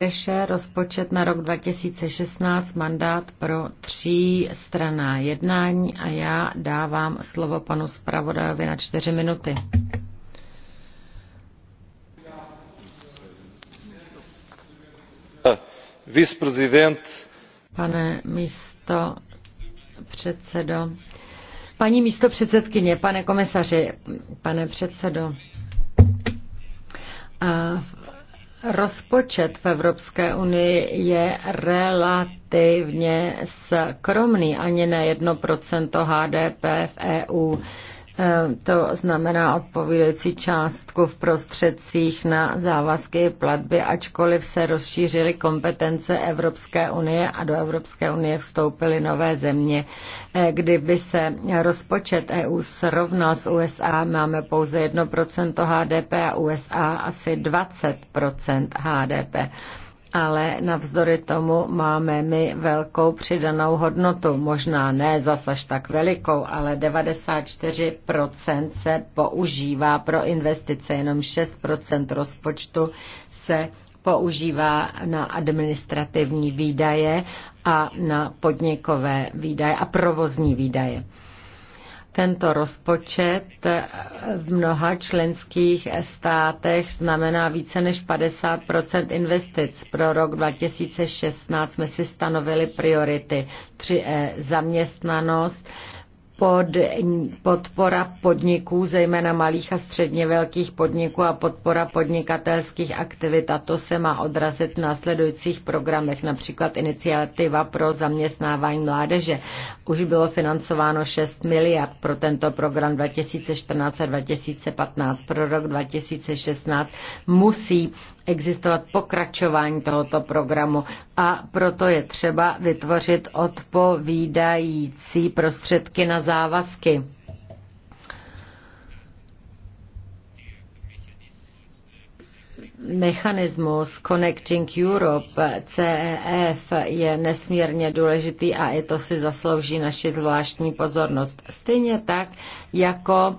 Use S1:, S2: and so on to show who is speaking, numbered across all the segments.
S1: Reše rozpočet na rok 2016, mandát pro tří straná jednání a já dávám slovo panu zpravodajovi na čtyři minuty.
S2: Vice-prezident.
S1: Pane místo předsedo. Paní místo předsedkyně, pane komisaři, pane předsedo. A Rozpočet v Evropské unii je relativně skromný, ani ne 1% HDP v EU. Eh, to znamená odpovídající částku v prostředcích na závazky platby, ačkoliv se rozšířily kompetence Evropské unie a do Evropské unie vstoupily nové země. Eh, kdyby se rozpočet EU srovnal s USA, máme pouze 1% HDP a USA asi 20% HDP ale navzdory tomu máme my velkou přidanou hodnotu. Možná ne zas až tak velikou, ale 94% se používá pro investice, jenom 6% rozpočtu se používá na administrativní výdaje a na podnikové výdaje a provozní výdaje. Tento rozpočet v mnoha členských státech znamená více než 50 investic. Pro rok 2016 jsme si stanovili priority 3E zaměstnanost, pod, podpora podniků, zejména malých a středně velkých podniků a podpora podnikatelských aktivit. A to se má odrazit v následujících programech, například iniciativa pro zaměstnávání mládeže. Už bylo financováno 6 miliard pro tento program 2014 a 2015. Pro rok 2016 musí existovat pokračování tohoto programu a proto je třeba vytvořit odpovídající prostředky na závazky. mechanismus Connecting Europe, CEF, je nesmírně důležitý a i to si zaslouží naši zvláštní pozornost. Stejně tak jako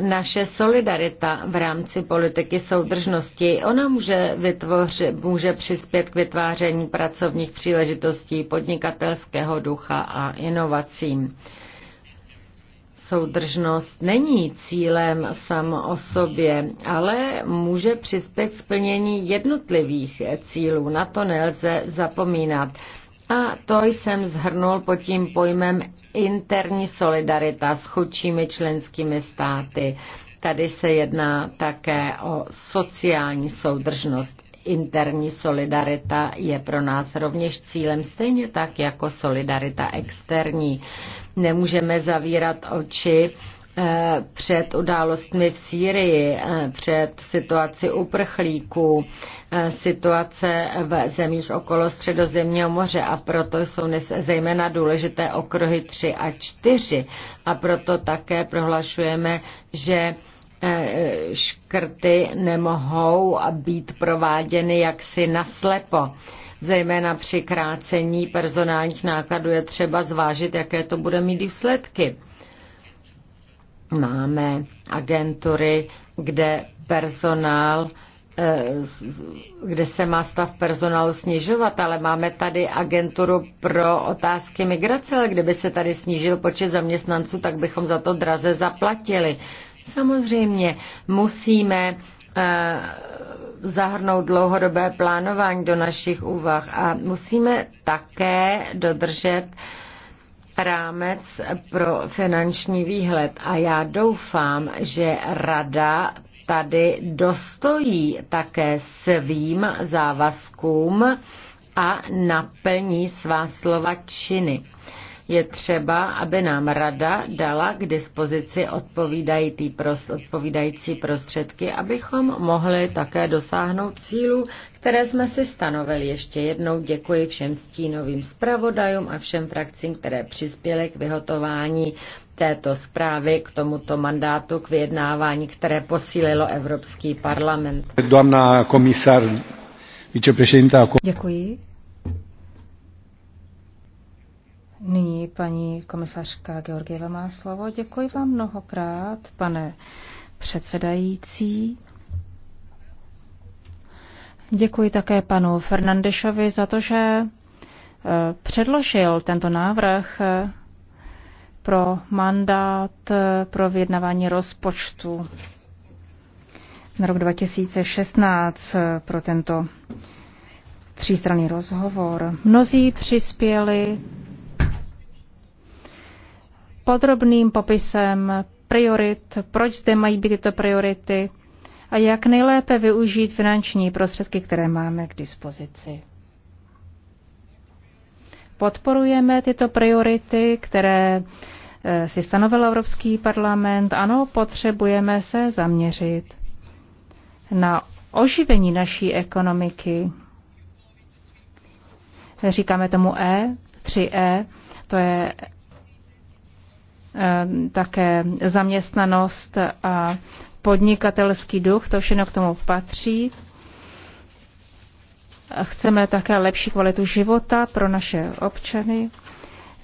S1: naše solidarita v rámci politiky soudržnosti. Ona může, vytvořit, může přispět k vytváření pracovních příležitostí, podnikatelského ducha a inovacím. Soudržnost není cílem sam o sobě, ale může přispět k splnění jednotlivých cílů. Na to nelze zapomínat. A to jsem zhrnul pod tím pojmem interní solidarita s chudšími členskými státy. Tady se jedná také o sociální soudržnost. Interní solidarita je pro nás rovněž cílem, stejně tak jako solidarita externí. Nemůžeme zavírat oči Eh, před událostmi v Sýrii, eh, před situaci uprchlíků, eh, situace v zemích okolo Středozemního moře a proto jsou zejména důležité okruhy 3 a 4 a proto také prohlašujeme, že škrty nemohou být prováděny jaksi naslepo. Zejména při krácení personálních nákladů je třeba zvážit, jaké to bude mít důsledky máme agentury, kde personál eh, kde se má stav personálu snižovat, ale máme tady agenturu pro otázky migrace, ale kdyby se tady snížil počet zaměstnanců, tak bychom za to draze zaplatili. Samozřejmě musíme eh, zahrnout dlouhodobé plánování do našich úvah a musíme také dodržet uh, rámec pro finanční výhled a já doufám, že rada tady dostojí také svým závazkům a naplní svá slova činy. Je třeba, aby nám rada dala k dispozici odpovídající prostředky, abychom mohli také dosáhnout cílů, které jsme si stanovili. Ještě jednou děkuji všem stínovým zpravodajům a všem frakcím, které přispěly k vyhotování této zprávy, k tomuto mandátu, k vyjednávání, které posílilo Evropský parlament.
S2: Dámna komisar, viceprezidenta.
S1: Děkuji. Nyní paní
S3: komisařka Georgieva má slovo. Děkuji vám mnohokrát, pane předsedající. Děkuji také panu Fernandešovi za to, že eh, předložil tento návrh eh, pro mandát eh, pro vyjednávání rozpočtu na rok 2016 pro tento třístranný rozhovor. Mnozí přispěli podrobným popisem priorit, proč zde mají být tyto priority, a jak nejlépe využít finanční prostředky, které máme k dispozici. Podporujeme tyto priority, které eh, si stanovil Evropský parlament. Ano, potřebujeme se zaměřit na oživení naší ekonomiky. Říkáme tomu E, 3E, to je eh, také zaměstnanost a podnikatelský duch, to všechno k tomu patří. Chceme také lepší kvalitu života pro naše občany.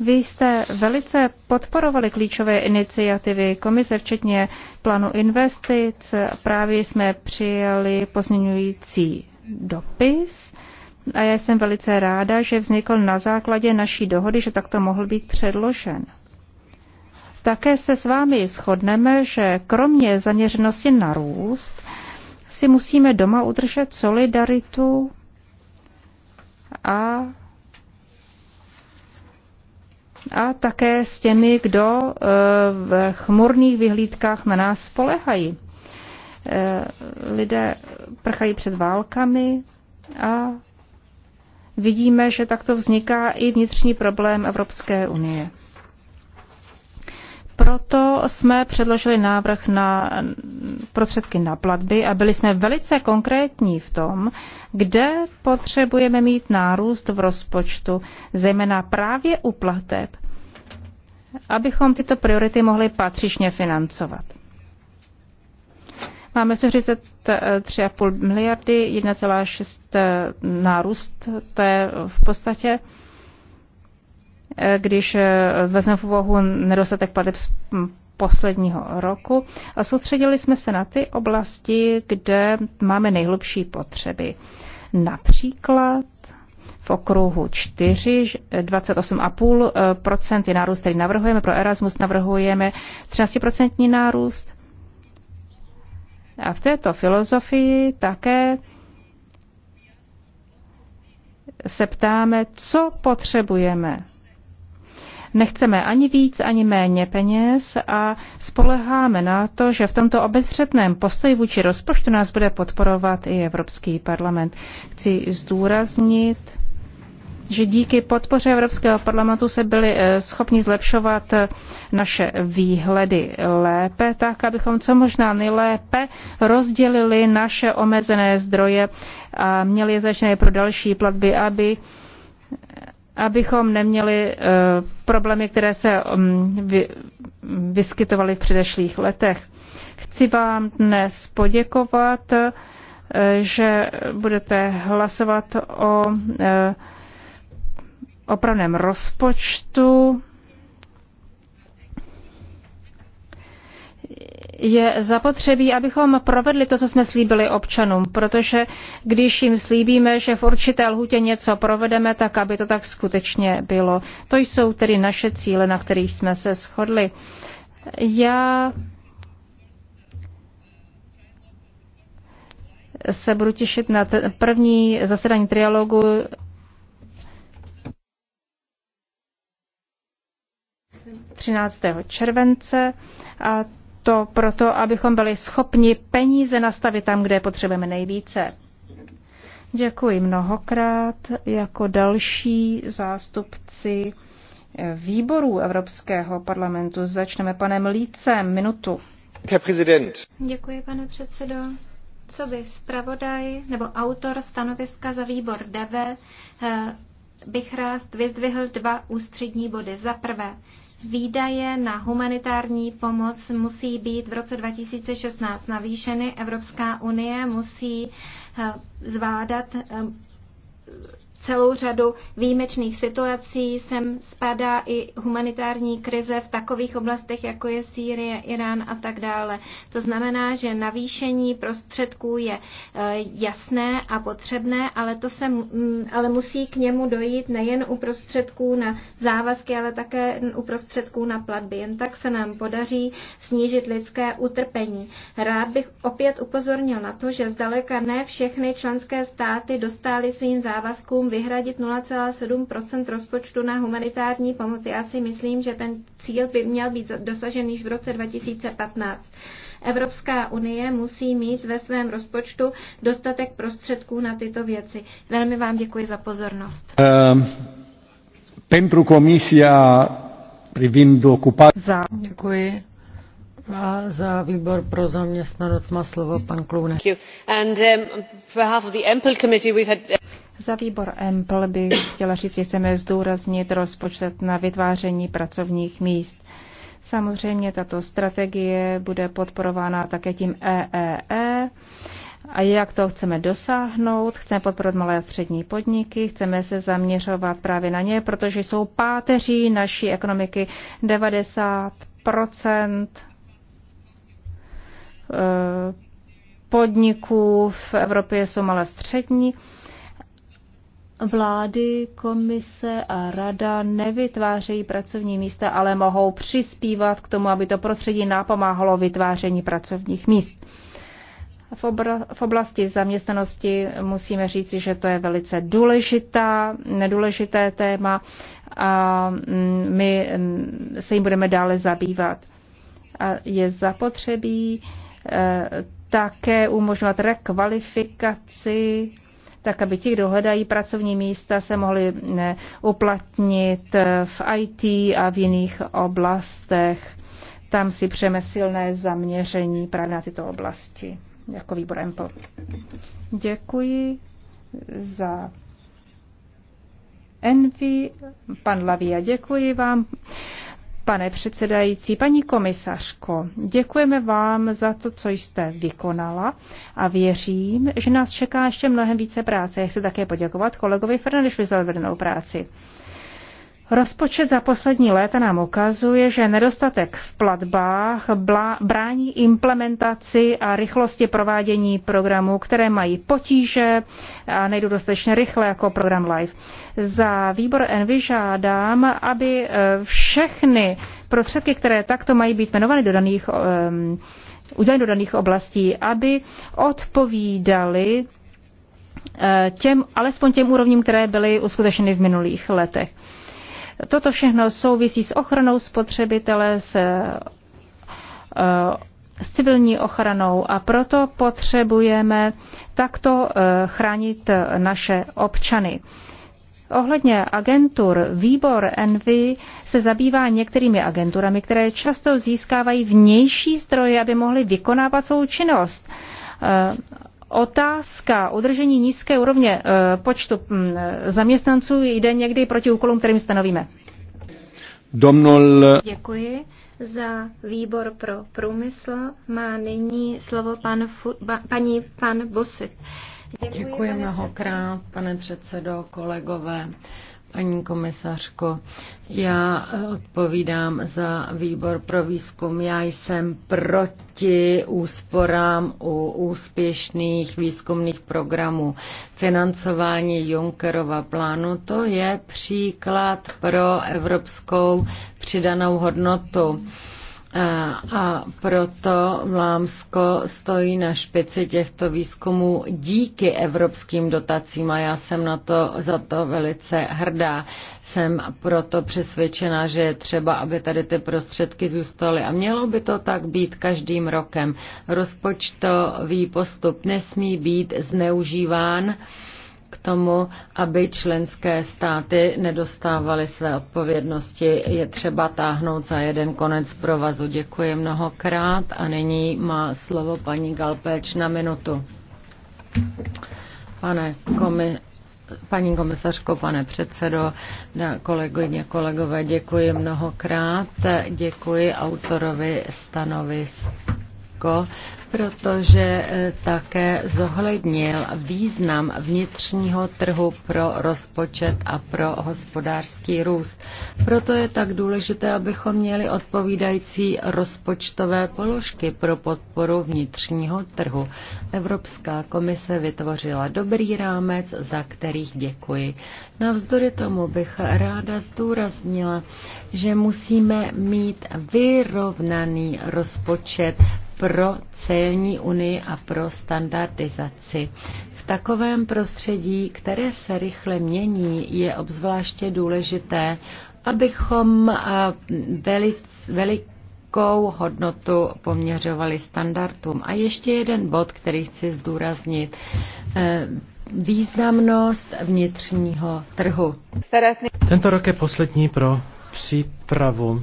S3: Vy jste velice podporovali klíčové iniciativy komise, včetně plánu investic. Právě jsme přijali pozměňující dopis a já jsem velice ráda, že vznikl na základě naší dohody, že takto mohl být předložen. Také se s vámi shodneme, že kromě zaměřenosti na růst si musíme doma udržet solidaritu a, a také s těmi, kdo e, v chmurných vyhlídkách na nás spolehají. E, lidé prchají před válkami a vidíme, že takto vzniká i vnitřní problém Evropské unie. Proto jsme předložili návrh na prostředky na platby a byli jsme velice konkrétní v tom, kde potřebujeme mít nárůst v rozpočtu, zejména právě u plateb, abychom tyto priority mohli patřičně financovat. Máme 3,5 miliardy, 1,6 nárůst, to je v podstatě když eh, vezmeme v úvahu nedostatek plateb z hm, posledního roku a soustředili jsme se na ty oblasti, kde máme nejhlubší potřeby. Například v okruhu 4, 28,5% eh, je nárůst, který navrhujeme. Pro Erasmus navrhujeme 13% nárůst. A v této filozofii také se ptáme, co potřebujeme Nechceme ani víc, ani méně peněz a spoleháme na to, že v tomto obezřetném postoji vůči rozpočtu nás bude podporovat i Evropský parlament. Chci zdůraznit, že díky podpoře Evropského parlamentu se byli eh, schopni zlepšovat eh, naše výhledy lépe, tak abychom co možná nejlépe rozdělili naše omezené zdroje a měli je začné pro další platby, aby abychom neměli eh, problémy, které se mm, vyskytovaly v předešlých letech. Chci vám dnes poděkovat, eh, že budete hlasovat o eh, opravném rozpočtu je zapotřebí, abychom provedli to, co jsme slíbili občanům, protože když jim slíbíme, že v určité lhutě něco provedeme, tak aby to tak skutečně bylo. To jsou tedy naše cíle, na kterých jsme se shodli. Já se budu těšit na první zasedání trialogu třináctého července a to proto, abychom byli schopni peníze nastavit tam, kde je potřebujeme nejvíce. Děkuji mnohokrát jako další zástupci výborů Evropského parlamentu. Začneme panem Lícem, minutu.
S4: Děkuji, pane předsedo. Co by zpravodaj nebo autor stanoviska za výbor DEVE bych rád vyzvihl dva ústřední body. Za prvé, výdaje na humanitární pomoc musí být v roce 2016 navýšeny. Evropská unie musí eh, zvládat eh, celou řadu výjimečných situací. Sem spadá i humanitární krize v takových oblastech, jako je Sýrie, Irán a tak dále. To znamená, že navýšení prostředků je eh, jasné a potřebné, ale, to se, mm, ale musí k němu dojít nejen u prostředků na závazky, ale také u prostředků na platby. Jen tak se nám podaří snížit lidské utrpení. Rád bych opět upozornil na to, že zdaleka ne všechny členské státy dostály svým závazkům vyhradit 0,7 rozpočtu na humanitární pomoc. Já si myslím, že ten cíl by měl být dosažen již v roce 2015. Evropská unie musí mít ve svém rozpočtu dostatek prostředků na tyto věci. Velmi vám děkuji
S1: za pozornost.
S2: Um, pentru komisia privind Za.
S1: Děkuji. A za výbor pro zaměstnanost má slovo pan Klune.
S3: And, um, za výbor EMPL bych chtěla říct, že chceme zdůraznit rozpočet na vytváření pracovních míst. Samozřejmě tato strategie bude podporována také tím EEE. E e. A jak to chceme dosáhnout? Chceme podporovat malé a střední podniky, chceme se zaměřovat právě na ně, protože jsou páteří naší ekonomiky 90 eh, podniků v Evropě jsou malé střední Vlády, komise a rada nevytvářejí pracovní místa, ale mohou přispívat k tomu, aby to prostředí napomáhalo vytváření pracovních míst. V oblasti zaměstnanosti musíme říci, že to je velice důležitá, nedůležité téma a mm, my mm, se jim budeme dále zabývat. A je zapotřebí eh, také umožňovat rekvalifikaci tak aby ti, kdo hledají pracovní místa, se mohli uplatnit eh, v IT a v jiných oblastech. Tam si přejeme silné zaměření právě na tyto oblasti jako výbor EMPL. Děkuji za Envy, pan Lavia, děkuji vám pane předsedající, paní komisařko, děkujeme vám za to, co jste vykonala a věřím, že nás čeká ještě mnohem více práce. Já chci také poděkovat kolegovi Fernandešu za odvedenou práci. Rozpočet za poslední léta nám ukazuje, že nedostatek v platbách brání implementaci a rychlosti provádění programů, které mají potíže a nejdou dostatečně rychle jako program LIFE. Za výbor Envy žádám, aby eh, všechny prostředky, které takto mají být jmenovány do daných, um, do daných oblastí, aby odpovídaly eh, těm, alespoň těm úrovním, které byly uskutečeny v minulých letech. Toto všechno souvisí s ochranou spotřebitele, s, eh, s civilní ochranou a proto potřebujeme takto eh, chránit naše občany. Ohledně agentur, výbor Envy se zabývá některými agenturami, které často získávají vnější zdroje, aby mohly vykonávat svou činnost. Eh, Otázka udržení nízké úrovně eh, počtu hm, zaměstnanců jde někdy proti úkolům, kterým stanovíme.
S2: Domnul...
S4: Děkuji. Za výbor pro průmysl má nyní slovo pan,
S1: ba, paní pan Busit. Děkuji, Děkuji mnohokrát, pane předsedo, kolegové. Paní komisařko, já eh, odpovídám za výbor pro výzkum. Já jsem proti úsporám u úspěšných výzkumných programů. Financování Junckerova plánu to je příklad pro evropskou přidanou hodnotu. Mm. A proto Vlámsko stojí na špici těchto výzkumů díky evropským dotacím a já jsem na to za to velice hrdá. Jsem proto přesvědčena, že je třeba, aby tady ty prostředky zůstaly. A mělo by to tak být každým rokem. Rozpočtový postup nesmí být zneužíván tomu, aby členské státy nedostávaly své odpovědnosti. Je třeba táhnout za jeden konec provazu. Děkuji mnohokrát a nyní má slovo paní Galpéč na minutu. Pane komi, paní komisařko, pane předsedo, kolegyně, kolegové, děkuji mnohokrát. Děkuji autorovi stanovis daleko, protože eh, také zohlednil význam vnitřního trhu pro rozpočet a pro hospodářský růst. Proto je tak důležité, abychom měli odpovídající rozpočtové položky pro podporu vnitřního trhu. Evropská komise vytvořila dobrý rámec, za kterých děkuji. Navzdory tomu bych ráda zdůraznila, že musíme mít vyrovnaný rozpočet pro celní unii a pro standardizaci. V takovém prostředí, které se rychle mění, je obzvláště důležité, abychom velice, velikou hodnotu poměřovali standardům. A ještě jeden bod, který chci zdůraznit. E, významnost vnitřního trhu.
S5: Tento rok je poslední pro přípravu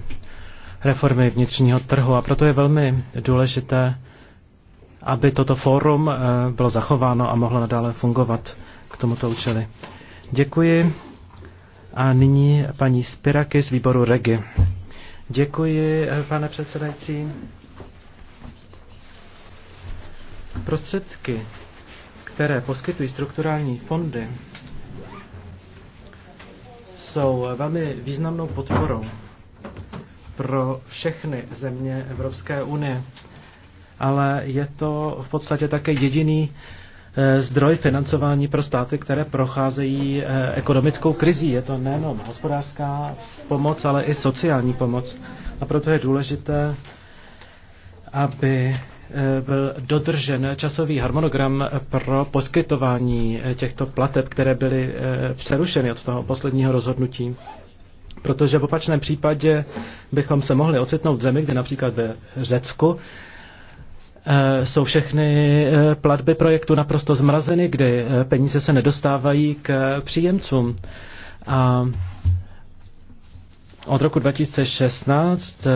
S5: reformy vnitřního trhu a proto je velmi důležité, aby toto fórum eh, bylo zachováno a mohlo nadále fungovat k tomuto účeli. Děkuji. A nyní paní Spiraky z výboru Regi. Děkuji, eh, pane předsedající. Prostředky, které poskytují strukturální fondy, jsou eh, velmi významnou podporou pro všechny země Evropské unie. Ale je to v podstatě také jediný eh, zdroj financování pro státy, které procházejí eh, ekonomickou krizí. Je to nejenom hospodářská pomoc, ale i sociální pomoc. A proto je důležité, aby eh, byl dodržen časový harmonogram pro poskytování těchto plateb, které byly přerušeny od toho posledního rozhodnutí protože v opačném případě bychom se mohli ocitnout v zemi, kde například ve Řecku eh, jsou všechny eh, platby projektu naprosto zmrazeny, kdy eh, peníze se nedostávají k příjemcům. A od roku 2016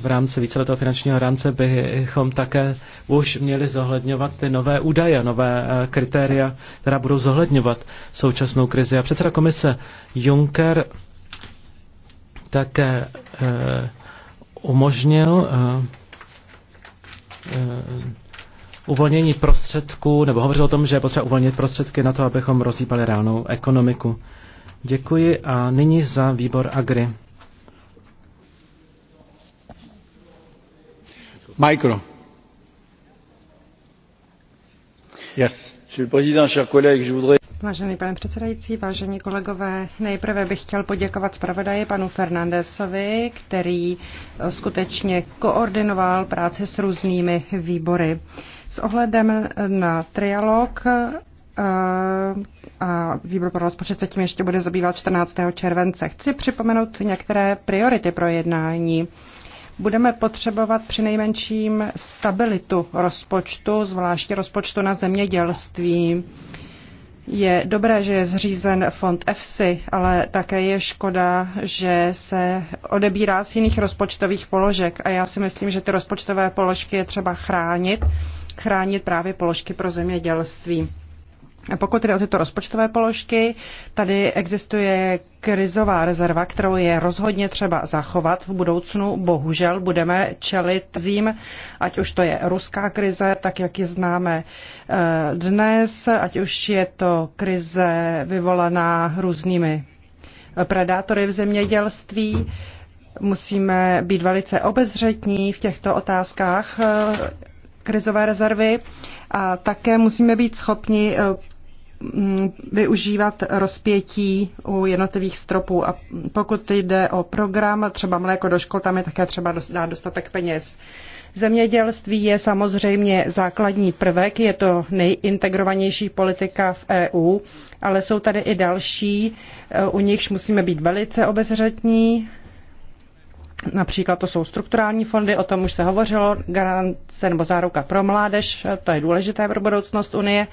S5: v rámci víceletého finančního rámce bychom také už měli zohledňovat ty nové údaje, nové kritéria, která budou zohledňovat současnou krizi. A předseda komise Juncker také eh, umožnil eh, eh, uvolnění prostředků, nebo hovořil o tom, že je potřeba uvolnit prostředky na to, abychom rozhýbali reálnou ekonomiku. Děkuji a nyní za výbor Agri. Micro.
S3: Yes. Monsieur le Président, chers collègues, je voudrais...
S6: Vážený pane předsedající, vážení kolegové, nejprve bych chtěl poděkovat zpravodaji panu Fernandesovi, který eh, skutečně koordinoval práci s různými výbory. S ohledem na trialog eh, a výbor pro rozpočet se tím ještě bude zabývat 14. července. Chci připomenout některé priority pro jednání budeme potřebovat při nejmenším stabilitu rozpočtu, zvláště rozpočtu na zemědělství. Je dobré, že je zřízen fond EFSI, ale také je škoda, že se odebírá z jiných rozpočtových položek a já si myslím, že ty rozpočtové položky je třeba chránit, chránit právě položky pro zemědělství. Pokud jde o tyto rozpočtové položky, tady existuje krizová rezerva, kterou je rozhodně třeba zachovat v budoucnu. Bohužel budeme čelit zím, ať už to je ruská krize, tak jak ji známe eh, dnes, ať už je to krize vyvolaná různými predátory v zemědělství. Musíme být velice obezřetní v těchto otázkách eh, krizové rezervy a také musíme být schopni eh, Mm, využívat rozpětí u jednotlivých stropů. A pokud jde o program, třeba mléko do škol, tam je také třeba dát dostatek peněz. Zemědělství je samozřejmě základní prvek, je to nejintegrovanější politika v EU, ale jsou tady i další, eh, u nichž musíme být velice obezřetní. Například to jsou strukturální fondy, o tom už se hovořilo, garance nebo záruka pro mládež, to je důležité pro budoucnost Unie.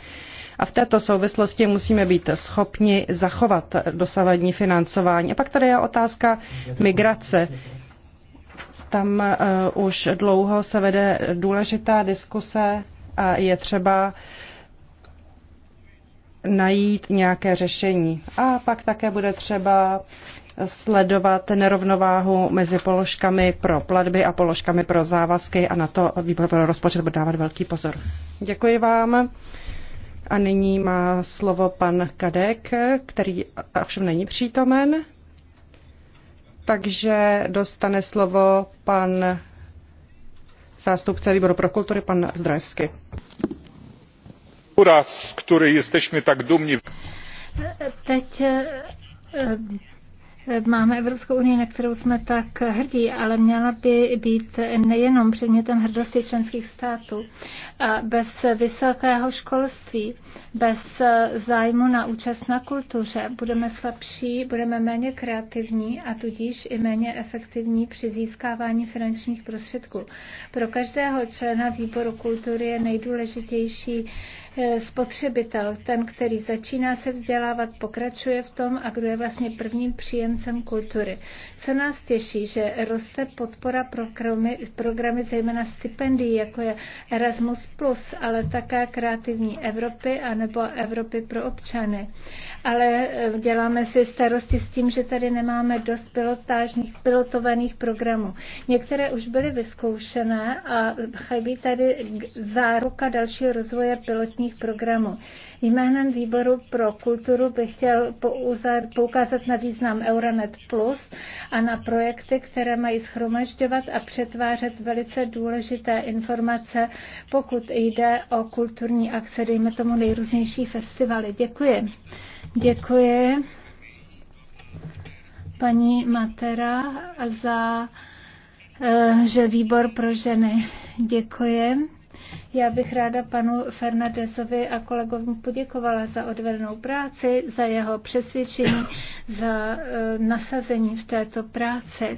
S6: A v této souvislosti musíme být schopni zachovat dosavadní financování. A pak tady je otázka migrace. Tam uh, už dlouho se vede důležitá diskuse a je třeba najít nějaké řešení. A pak také bude třeba sledovat nerovnováhu mezi položkami pro platby a položkami pro závazky a na to výbor pro rozpočet bude dávat velký pozor. Děkuji vám. A nyní má slovo pan Kadek, který ovšem není přítomen. Takže dostane slovo pan zástupce výboru pro kultury, pan Zdrojevsky.
S2: Uraz, který jesteśmy tak dumní.
S6: Teď
S7: eh, máme Evropskou unii, na kterou jsme tak hrdí, ale měla by být nejenom předmětem hrdosti členských států. A bez vysokého školství, bez zájmu na účast na kultuře budeme slabší, budeme méně kreativní a tudíž i méně efektivní při získávání finančních prostředků. Pro každého člena výboru kultury je nejdůležitější Eh, spotřebitel, ten, který začíná se vzdělávat, pokračuje v tom a kdo je vlastně prvním příjemcem kultury. Co nás těší, že roste podpora pro programy, programy zejména stipendií, jako je Erasmus+, ale také Kreativní Evropy anebo Evropy pro občany. Ale eh, děláme si starosti s tím, že tady nemáme dost pilotážních, pilotovaných programů. Některé už byly vyzkoušené a chybí tady záruka dalšího rozvoje pilotní kulturních programů. Jménem výboru pro kulturu bych chtěl poukázat na význam Euronet Plus a na projekty, které mají schromažďovat a přetvářet velice důležité informace, pokud jde o kulturní akce, dejme tomu nejrůznější festivaly. Děkuji. Děkuji paní Matera za eh, že výbor pro ženy děkuje. Já bych ráda panu Fernandezovi a kolegovi poděkovala za odvedenou práci, za jeho přesvědčení, za eh, nasazení v této práci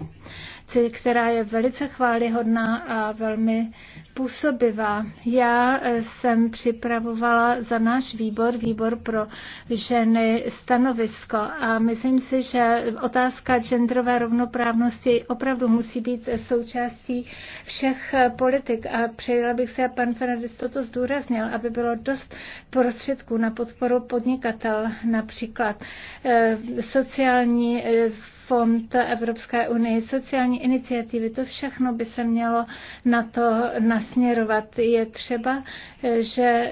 S7: která je velice chválihodná a velmi působivá. Já eh, jsem připravovala za náš výbor, výbor pro ženy, stanovisko a myslím si, že otázka genderové rovnoprávnosti opravdu musí být součástí všech eh, politik a přejela bych se, a pan Fernandez toto zdůraznil, aby bylo dost prostředků na podporu podnikatel, například eh, sociální fond Evropské unie, sociální iniciativy, to všechno by se mělo na to nasměrovat. Je třeba, že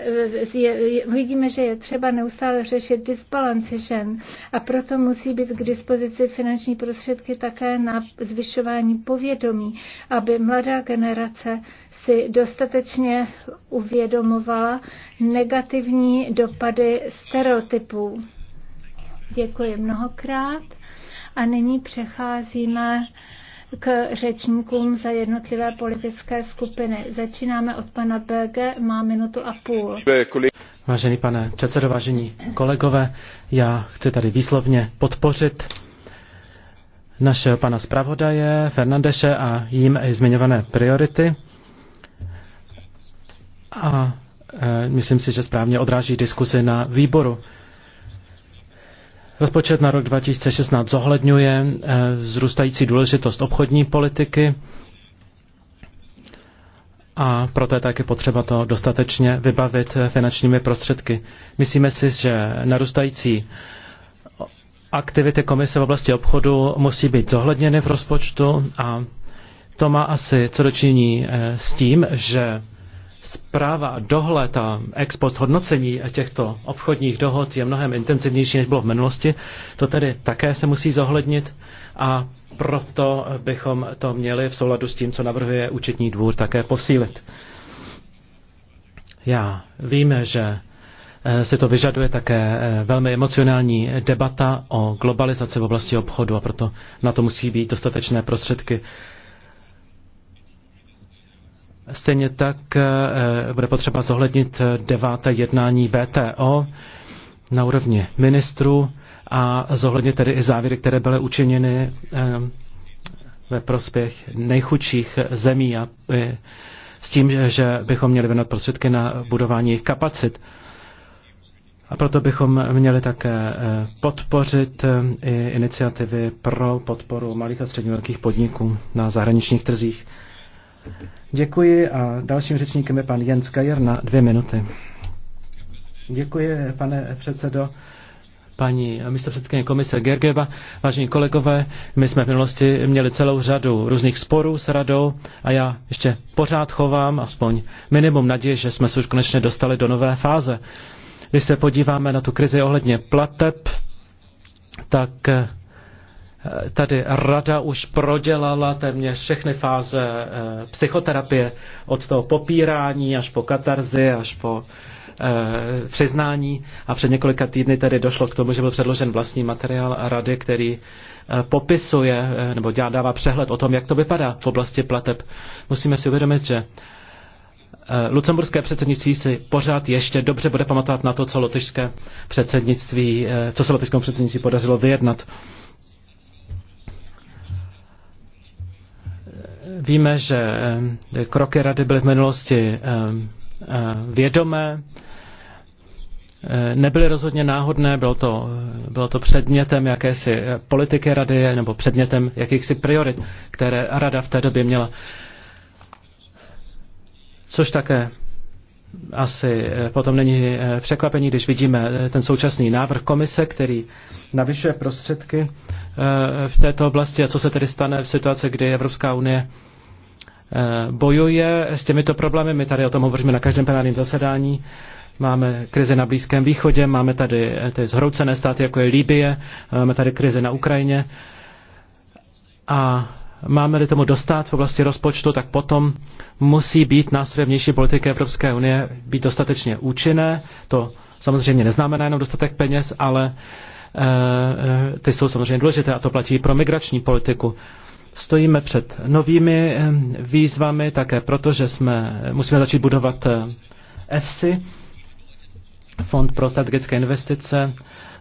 S7: je, vidíme, že je třeba neustále řešit disbalanci žen a proto musí být k dispozici finanční prostředky také na zvyšování povědomí, aby mladá generace si dostatečně uvědomovala negativní dopady stereotypů. Děkuji mnohokrát. A nyní přecházíme k řečníkům za jednotlivé politické skupiny. Začínáme od pana BG, má minutu a půl.
S5: Vážený pane předsedo, vážení kolegové, já chci tady výslovně podpořit našeho pana zpravodaje Fernandeše a jím i zmiňované priority. A e, myslím si, že správně odráží diskuzi na výboru. E, Rozpočet na rok 2016 zohledňuje eh, vzrůstající důležitost obchodní politiky a proto je také potřeba to dostatečně vybavit eh, finančními prostředky. Myslíme si, že narůstající aktivity komise v oblasti obchodu musí být zohledněny v rozpočtu a to má asi co dočiní eh, s tím, že Zpráva dohled a ex post hodnocení těchto obchodních dohod je mnohem intenzivnější, než bylo v minulosti. To tedy také se musí zohlednit a proto bychom to měli v souladu s tím, co navrhuje účetní dvůr, také posílit. Já vím, že eh, se to vyžaduje také eh, velmi emocionální debata o globalizaci v oblasti obchodu a proto na to musí být dostatečné prostředky. Stejně tak eh, bude potřeba zohlednit deváté jednání VTO na úrovni ministru a zohlednit tedy i závěry, které byly učiněny eh, ve prospěch nejchudších zemí a eh, s tím, že bychom měli věnovat prostředky na budování jejich kapacit. A proto bychom měli také podpořit i iniciativy pro podporu malých a středních velkých podniků na zahraničních trzích. Děkuji a dalším řečníkem je pan Jens Kajer na dvě minuty. Děkuji, pane předsedo paní místopředsedkyně komise Gergeva, vážení kolegové, my jsme v minulosti měli celou řadu různých sporů s radou a já ještě pořád chovám aspoň minimum naděje, že jsme se už konečně dostali do nové fáze. Když se podíváme na tu krizi ohledně plateb, tak eh, Eh, tady rada už prodělala téměř všechny fáze eh, psychoterapie, od toho popírání až po katarzi, až po eh, přiznání a před několika týdny tady došlo k tomu, že byl předložen vlastní materiál rady, který popisuje nebo dává přehled o tom, jak to vypadá v oblasti plateb. Musíme si uvědomit, že lucemburské předsednictví si pořád ještě dobře bude pamatovat na to, co lotyšské předsednictví, co se lotyšskému předsednictví podařilo vyjednat. Víme, že eh, kroky rady byly v minulosti eh, eh, vědomé, nebyly rozhodně náhodné, bylo to, bylo to předmětem jakési politiky rady nebo předmětem jakýchsi priorit, které rada v té době měla. Což také asi potom není překvapení, když vidíme ten současný návrh komise, který navyšuje prostředky v této oblasti a co se tedy stane v situaci, kdy Evropská unie Eh, bojuje s těmito problémy. My tady o tom hovoříme na každém plenárním zasedání. Máme krizi na Blízkém východě, máme tady eh, ty zhroucené státy, jako je Líbie, eh, máme tady krizi na Ukrajině. A máme-li tomu dostat v oblasti rozpočtu, tak potom musí být nástroje vnější politiky Evropské unie být dostatečně účinné. To samozřejmě neznamená jenom dostatek peněz, ale e, ty jsou samozřejmě důležité a to platí i pro migrační politiku. E, Stojíme před novými eh, výzvami, také proto, že jsme, musíme začít budovat EFSI, eh, Fond pro strategické investice,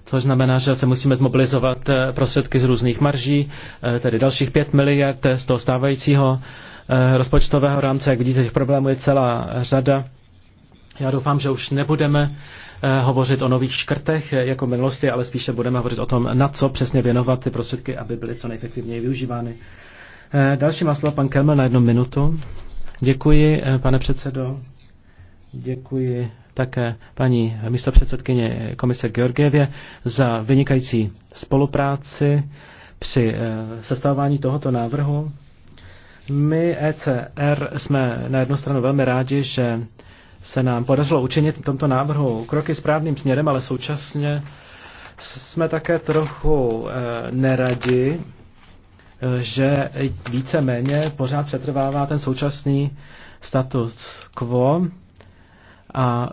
S5: což znamená, že se musíme zmobilizovat eh, prostředky z různých marží, tedy dalších 5 miliard z toho stávajícího rozpočtového rámce. Jak vidíte, těch problémů je celá řada. Já doufám, že už nebudeme Eh, hovořit o nových škrtech eh, jako minulosti, ale spíše budeme hovořit o tom, na co přesně věnovat ty prostředky, aby byly co nejefektivněji využívány. Eh, další má slovo pan Kelmel na jednu minutu. Děkuji, pane předsedo. Děkuji také paní místopředsedkyně komise Georgievě za vynikající spolupráci při sestavování tohoto návrhu. My ECR jsme na jednu stranu velmi rádi, že se nám podařilo učinit v tomto návrhu kroky správným směrem, ale současně jsme také trochu eh, neradi, eh, že více-méně pořád přetrvává ten současný status quo a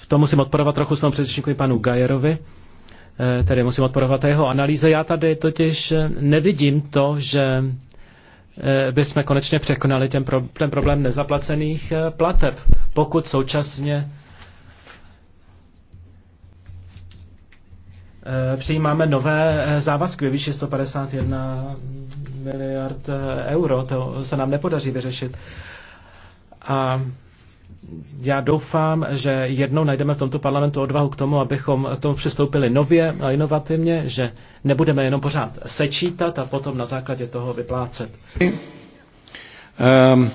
S5: v tom musím odporovat trochu svému předřečníkovi panu Gajerovi, eh, tedy musím odporovat jeho analýze. Já tady totiž nevidím to, že jsme eh, konečně překonali ten, pro, ten problém nezaplacených eh, plateb, pokud současně eh, přijímáme nové závazky výši 151 miliard euro. To se nám nepodaří vyřešit. A já doufám, že jednou najdeme v tomto parlamentu odvahu k tomu, abychom k tomu přistoupili nově a inovativně, že nebudeme jenom pořád sečítat a potom na základě toho vyplácet.
S2: Ehm,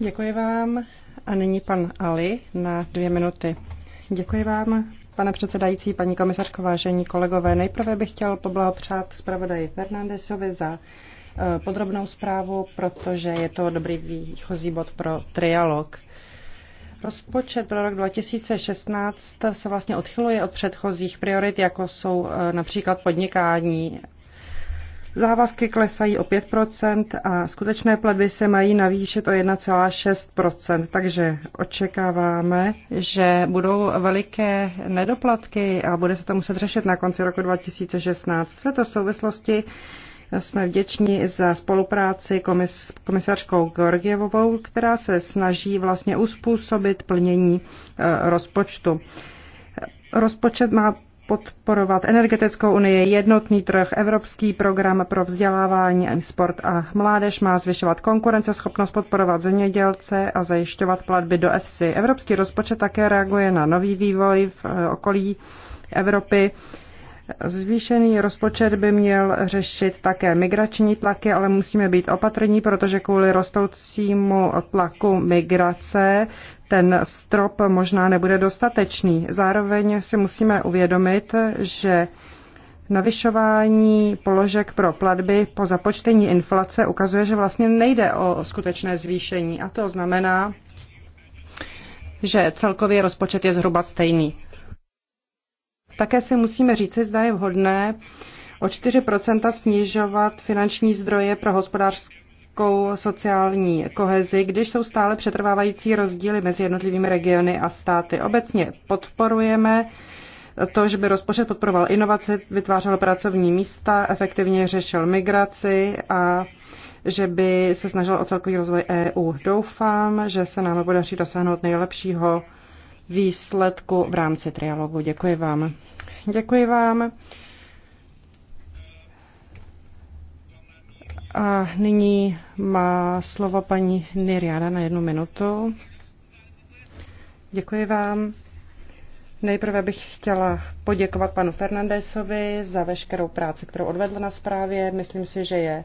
S6: Děkuji vám. A nyní pan Ali na dvě minuty. Děkuji vám, pane předsedající, paní komisařko, vážení kolegové. Nejprve bych chtěl poblahopřát zpravodaji Fernandesovi za Eh, podrobnou zprávu, protože je to dobrý výchozí bod pro trialog. Rozpočet pro rok 2016 se vlastně odchyluje od předchozích priorit, jako jsou eh, například podnikání. Závazky klesají o 5% a skutečné platby se mají navýšit o 1,6%, takže očekáváme, že budou veliké nedoplatky a bude se to muset řešit na konci roku 2016. V této souvislosti jsme vděční za spolupráci komis, komisařkou Georgievovou, která se snaží vlastně uspůsobit plnění e, rozpočtu. Rozpočet má podporovat energetickou unii, jednotný trh, evropský program pro vzdělávání, sport a mládež má zvyšovat konkurenceschopnost, podporovat zemědělce a zajišťovat platby do EFSI. Evropský rozpočet také reaguje na nový vývoj v e, okolí Evropy Zvýšený rozpočet by měl řešit také migrační tlaky, ale musíme být opatrní, protože kvůli rostoucímu tlaku migrace ten strop možná nebude dostatečný. Zároveň si musíme uvědomit, že navyšování položek pro platby po započtení inflace ukazuje, že vlastně nejde o skutečné zvýšení. A to znamená, že celkově rozpočet je zhruba stejný. Také si musíme říci, zda je vhodné o 4% snižovat finanční zdroje pro hospodářskou sociální kohezi, když jsou stále přetrvávající rozdíly mezi jednotlivými regiony a státy. Obecně podporujeme to, že by rozpočet podporoval inovace, vytvářel pracovní místa, efektivně řešil migraci a že by se snažil o celkový rozvoj EU. Doufám, že se nám podaří dosáhnout nejlepšího výsledku v rámci trialogu. Děkuji vám. Děkuji vám. A nyní má slovo paní Niriana na jednu minutu. Děkuji vám. Nejprve bych chtěla poděkovat panu Fernandesovi za veškerou práci, kterou odvedl na zprávě. Myslím si, že je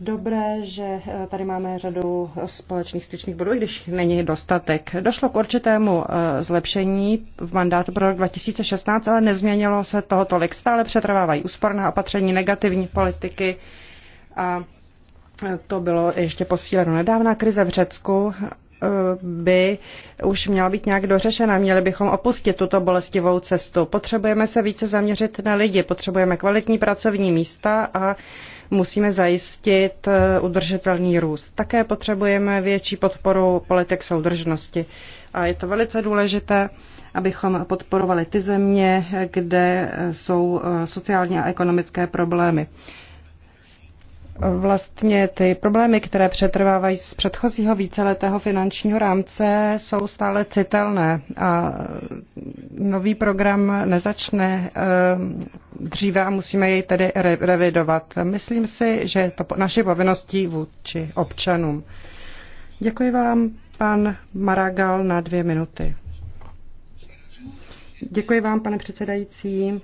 S6: dobré, že eh, tady máme řadu společných styčných bodů, i když není dostatek. Došlo k určitému eh, zlepšení v mandátu pro rok 2016, ale nezměnilo se toho tolik. Stále přetrvávají úsporná opatření, negativní politiky a eh, to bylo ještě posíleno. Nedávná krize v Řecku by už měla být nějak dořešena. Měli bychom opustit tuto bolestivou cestu. Potřebujeme se více zaměřit na lidi, potřebujeme kvalitní pracovní místa a musíme zajistit eh, udržitelný růst. Také potřebujeme větší podporu politik soudržnosti. A je to velice důležité, abychom podporovali ty země, kde jsou eh, sociální a ekonomické problémy. Vlastně ty problémy, které přetrvávají z předchozího víceletého finančního rámce, jsou stále citelné a nový program nezačne eh, dříve a musíme jej tedy revidovat. Myslím si, že je to naše povinností vůči občanům. Děkuji vám, pan Maragal, na dvě minuty. Děkuji vám, pane předsedající.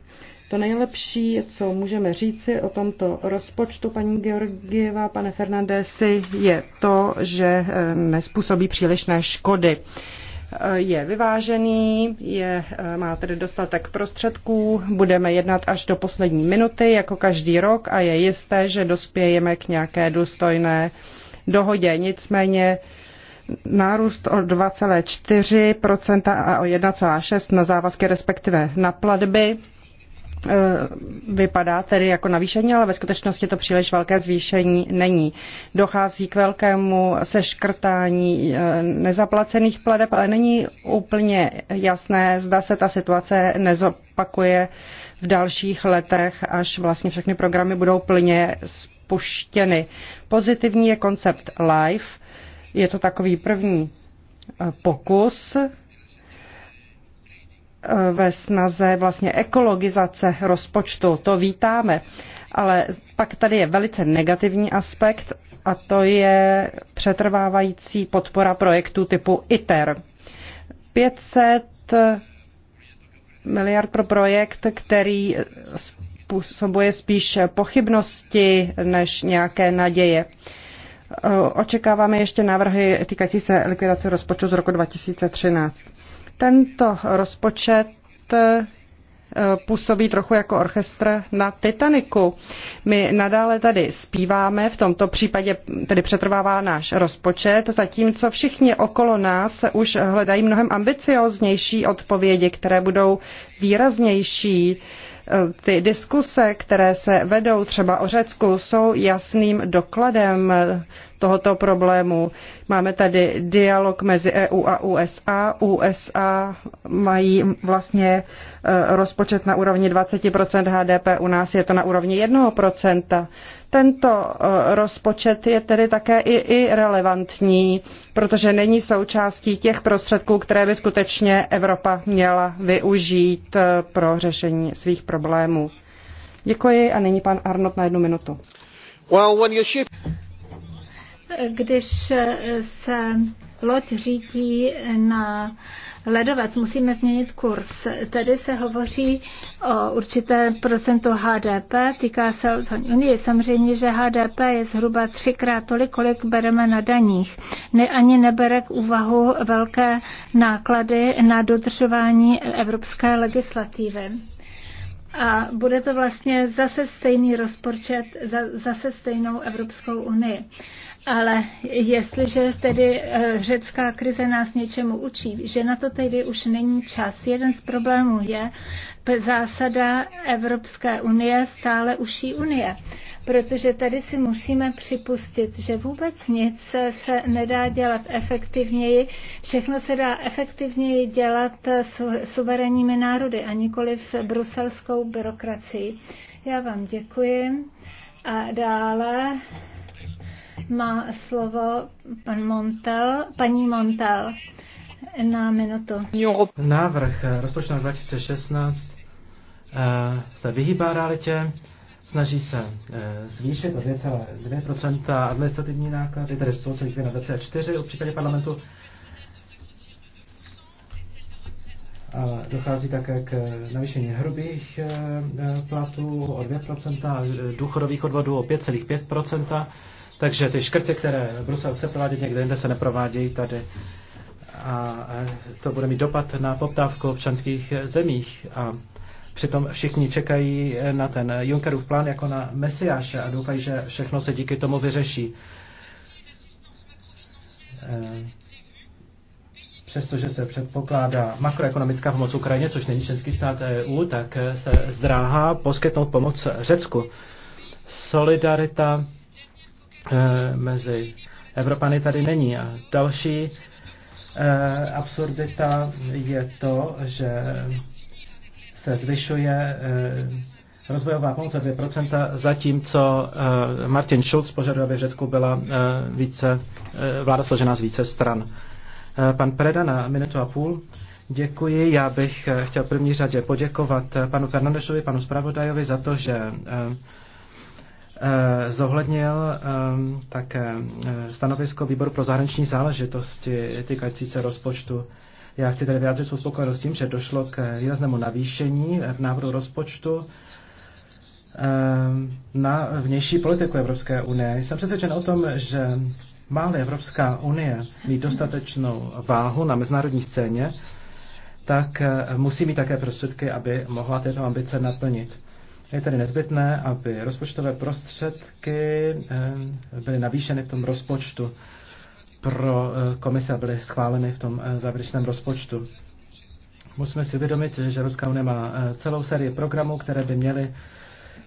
S6: To nejlepší, co můžeme říci o tomto rozpočtu, paní Georgieva, pane Fernandesi, je to, že eh, nespůsobí přílišné škody eh, je vyvážený, je, eh, má tedy dostatek prostředků, budeme jednat až do poslední minuty, jako každý rok, a je jisté, že dospějeme k nějaké důstojné dohodě. Nicméně nárůst o 2,4% a o 1,6% na závazky, respektive na platby, Eh, vypadá tedy jako navýšení, ale ve skutečnosti to příliš velké zvýšení není. Dochází k velkému seškrtání eh, nezaplacených pladeb, ale není úplně jasné, zda se ta situace nezopakuje v dalších letech, až vlastně všechny programy budou plně spuštěny. Pozitivní je koncept LIFE, je to takový první eh, pokus Eh, ve snaze vlastně ekologizace rozpočtu. To vítáme. Ale pak tady je velice negativní aspekt a to je přetrvávající podpora projektů typu ITER. 500 miliard pro projekt, který způsobuje spíš pochybnosti než nějaké naděje. Eh, očekáváme ještě návrhy týkající se likvidace rozpočtu z roku 2013. Tento rozpočet eh, působí trochu jako orchestr na Titaniku. My nadále tady zpíváme, v tomto případě tedy přetrvává náš rozpočet, zatímco všichni okolo nás už hledají mnohem ambicioznější odpovědi, které budou výraznější. Eh, Ty diskuse, které se vedou třeba o Řecku, jsou jasným dokladem tohoto problému. Máme tady dialog mezi EU a USA. USA mají vlastně e, rozpočet na úrovni 20% HDP, u nás je to na úrovni 1%. Tento e, rozpočet je tedy také i, i relevantní, protože není součástí těch prostředků, které by skutečně Evropa měla využít e, pro řešení svých problémů. Děkuji a nyní pan Arnott na jednu minutu.
S2: Well,
S7: když se loď řídí na ledovec, musíme změnit kurz. Tady se hovoří o určité procentu HDP, týká se Unie. Samozřejmě, že HDP je zhruba třikrát tolik, kolik bereme na daních. Ne, ani nebere k úvahu velké náklady na dodržování evropské legislativy. A bude to vlastně zase stejný rozpočet, zase stejnou Evropskou unii. Ale jestliže tedy eh, řecká krize nás něčemu učí, že na to tedy už není čas. Jeden z problémů je zásada Evropské unie, stále uší unie protože tady si musíme připustit, že vůbec nic se nedá dělat efektivněji, všechno se dá efektivněji dělat suverénními národy a nikoli v bruselskou byrokracii. Já vám děkuji a dále má slovo pan Montel, paní Montel na minutu.
S5: Návrh rozpočtu na 2016 eh, se vyhýbá realitě, Snaží se eh, zvýšit o 2,2 administrativní náklady, tedy z toho, co na 2,4 v případě parlamentu. A dochází také k eh, navýšení hrubých eh, platů o 2%, důchodových odvodů o 5,5%, takže ty škrty, které Brusel chce provádět někde jinde, se neprovádějí tady. A to bude mít dopad na poptávku v členských zemích. A Přitom všichni čekají eh, na ten eh, Junckerův plán jako na mesiáše a doufají, že všechno se díky tomu vyřeší. Eh, přestože se předpokládá makroekonomická pomoc Ukrajině, což není český stát EU, tak se zdráhá poskytnout pomoc Řecku. Solidarita mezi Evropany tady není. A další absurdita je to, že se zvyšuje eh, rozvojová pomoc o 2%, zatímco eh, Martin Schulz požaduje, aby v Řecku byla eh, více, vláda složená z více stran. Pan Preda na minutu a půl. Děkuji. Já bych chtěl v první řadě poděkovat panu Fernandešovi, panu Spravodajovi za to, že zohlednil také stanovisko výboru pro zahraniční záležitosti týkající se rozpočtu já chci tedy vyjádřit svou spokojenost tím, že došlo k eh, výraznému navýšení eh, v návrhu rozpočtu eh, na vnější politiku Evropské unie. Jsem přesvědčen o tom, že má Evropská unie mít dostatečnou váhu na mezinárodní scéně, tak musí mít také prostředky, aby mohla tyto ambice naplnit. Je tedy nezbytné, aby rozpočtové prostředky byly navýšeny v tom rozpočtu pro eh, komise a byly schváleny v tom eh, závěrečném rozpočtu. Musíme si uvědomit, že Evropská unie má eh, celou sérii programů, které by měly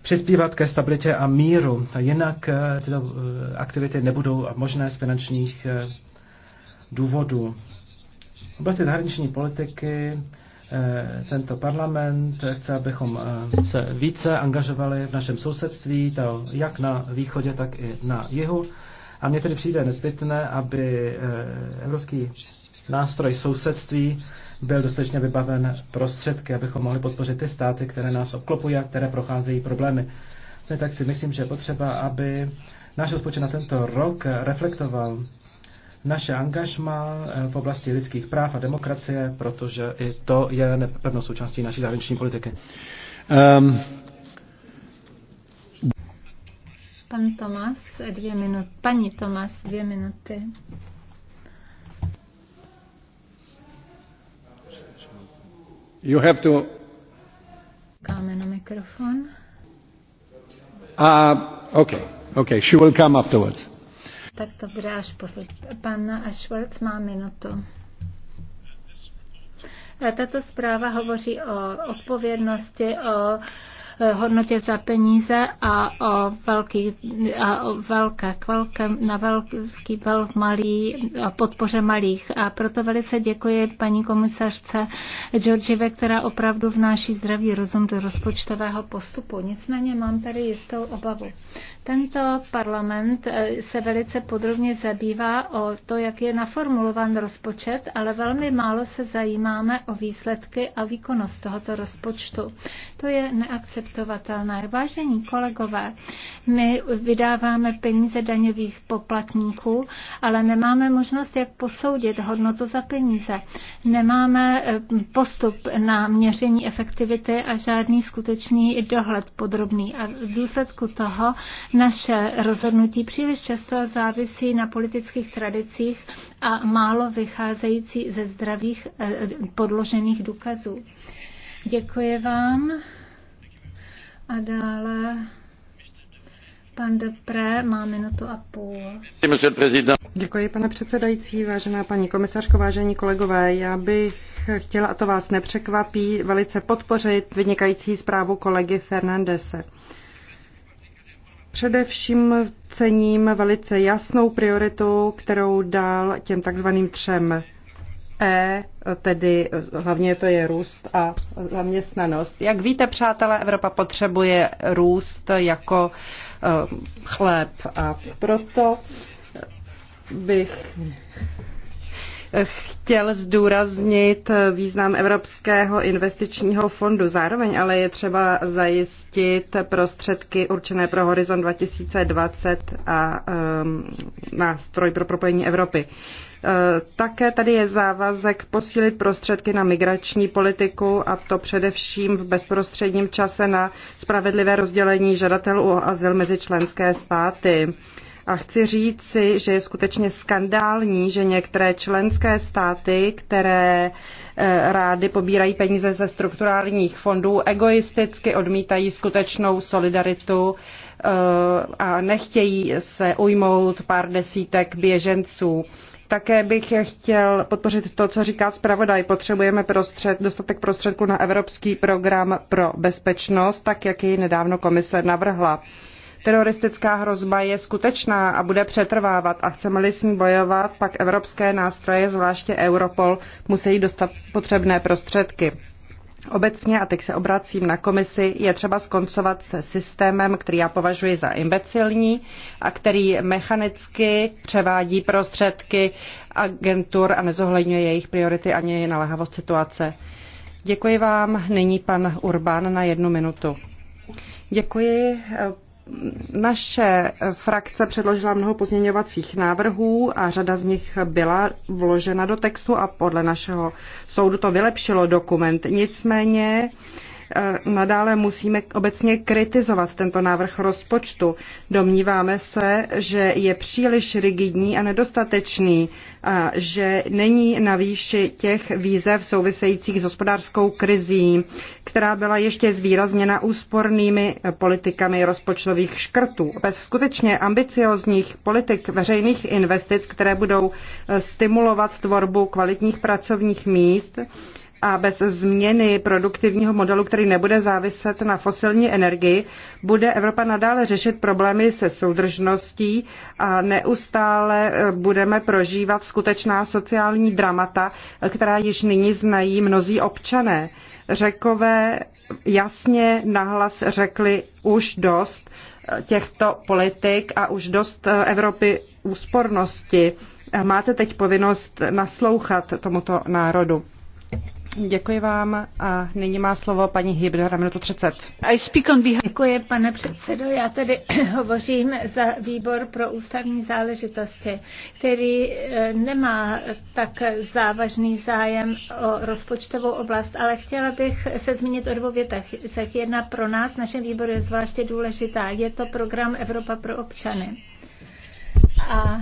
S5: přispívat ke stabilitě a míru. A jinak tyto aktivity nebudou možné z finančních důvodů. V oblasti zahraniční politiky tento parlament chce, abychom se více angažovali v našem sousedství, to jak na východě, tak i na jihu. A mně tedy přijde nezbytné, aby eh, evropský nástroj sousedství byl dostatečně vybaven prostředky, abychom mohli podpořit ty státy, které nás obklopují a které procházejí problémy. Tak si myslím, že je potřeba, aby náš rozpočet na tento rok reflektoval naše angažma eh, v oblasti lidských práv a demokracie, protože i to je nepevnou součástí naší zahraniční politiky. Um,
S7: Pan Tomas, dvě minuty. Paní Tomas, dvě minuty.
S2: You have to...
S7: Káme na mikrofon.
S1: Uh, okay, okay, she will come afterwards.
S7: Tak to bude až posl... Pan Ashworth má minutu. Tato zpráva hovoří o odpovědnosti, o hodnotě za peníze a o, velký, a o velké, velké, na velký, vel, malý, a podpoře malých. A proto velice děkuji paní komisařce Georgieve, která opravdu vnáší zdravý rozum do rozpočtového postupu. Nicméně mám tady jistou obavu. Tento parlament eh, se velice podrobně zabývá o to, jak je naformulovan rozpočet, ale velmi málo se zajímáme o výsledky a výkonnost tohoto rozpočtu. To je neakceptovatelné akceptovatelné. Vážení kolegové, my vydáváme peníze daňových poplatníků, ale nemáme možnost, jak posoudit hodnotu za peníze. Nemáme eh, postup na měření efektivity a žádný skutečný dohled podrobný. A v důsledku toho naše rozhodnutí příliš často závisí na politických tradicích a málo vycházející ze zdravých eh, podložených důkazů. Děkuji vám. A
S6: dále pan Depré má minutu a půl. Děkuji, pane předsedající, vážená paní komisařko, vážení kolegové. Já bych chtěla, a to vás nepřekvapí, velice podpořit vynikající zprávu kolegy Fernandese. Především cením velice jasnou prioritu, kterou dal těm takzvaným třem E, tedy hlavně to je růst a zaměstnanost. Jak víte, přátelé, Evropa potřebuje růst jako e, chléb a proto bych chtěl zdůraznit význam Evropského investičního fondu. Zároveň ale je třeba zajistit prostředky určené pro Horizon 2020 a um, nástroj pro propojení Evropy. Eh, také tady je závazek posílit prostředky na migrační politiku a to především v bezprostředním čase na spravedlivé rozdělení žadatelů o azyl mezi členské státy. A chci říci, že je skutečně skandální, že některé členské státy, které eh, rády pobírají peníze ze strukturálních fondů, egoisticky odmítají skutečnou solidaritu eh, a nechtějí se ujmout pár desítek běženců. Také bych chtěl podpořit to, co říká zpravodaj. Potřebujeme prostřed, dostatek prostředků na Evropský program pro bezpečnost, tak jak jej nedávno komise navrhla. Teroristická hrozba je skutečná a bude přetrvávat a chceme-li s ní bojovat, pak evropské nástroje, zvláště Europol, musí dostat potřebné prostředky. Obecně, a teď se obracím na komisi, je třeba skoncovat se systémem, který já považuji za imbecilní a který mechanicky převádí prostředky agentur a nezohledňuje jejich priority ani naléhavost situace. Děkuji vám. Nyní pan Urbán na jednu minutu. Děkuji, naše frakce předložila mnoho pozměňovacích návrhů a řada z nich byla vložena do textu a podle našeho soudu to vylepšilo dokument. Nicméně Eh, nadále musíme obecně kritizovat tento návrh rozpočtu. Domníváme se, že je příliš rigidní a nedostatečný a že není na výši těch výzev souvisejících s hospodářskou krizí, která byla ještě zvýrazněna úspornými politikami rozpočtových škrtů. Bez skutečně ambiciozních politik veřejných investic, které budou eh, stimulovat tvorbu kvalitních pracovních míst, a bez změny produktivního modelu, který nebude záviset na fosilní energii, bude Evropa nadále řešit problémy se soudržností a neustále eh, budeme prožívat skutečná sociální dramata, která již nyní znají mnozí občané. Řekové jasně nahlas řekli už dost eh, těchto politik a už dost eh, Evropy úspornosti. Máte teď povinnost naslouchat tomuto národu. Děkuji vám a nyní má slovo paní Hybner minutu 30. I speak on behalf... Děkuji, pane předsedo.
S7: Já tedy hovořím za výbor pro ústavní záležitosti, který eh, nemá tak závažný zájem o rozpočtovou oblast, ale chtěla bych se zmínit o dvou větech. jedna pro nás, našem výboru je zvláště důležitá. Je to program Evropa pro občany. A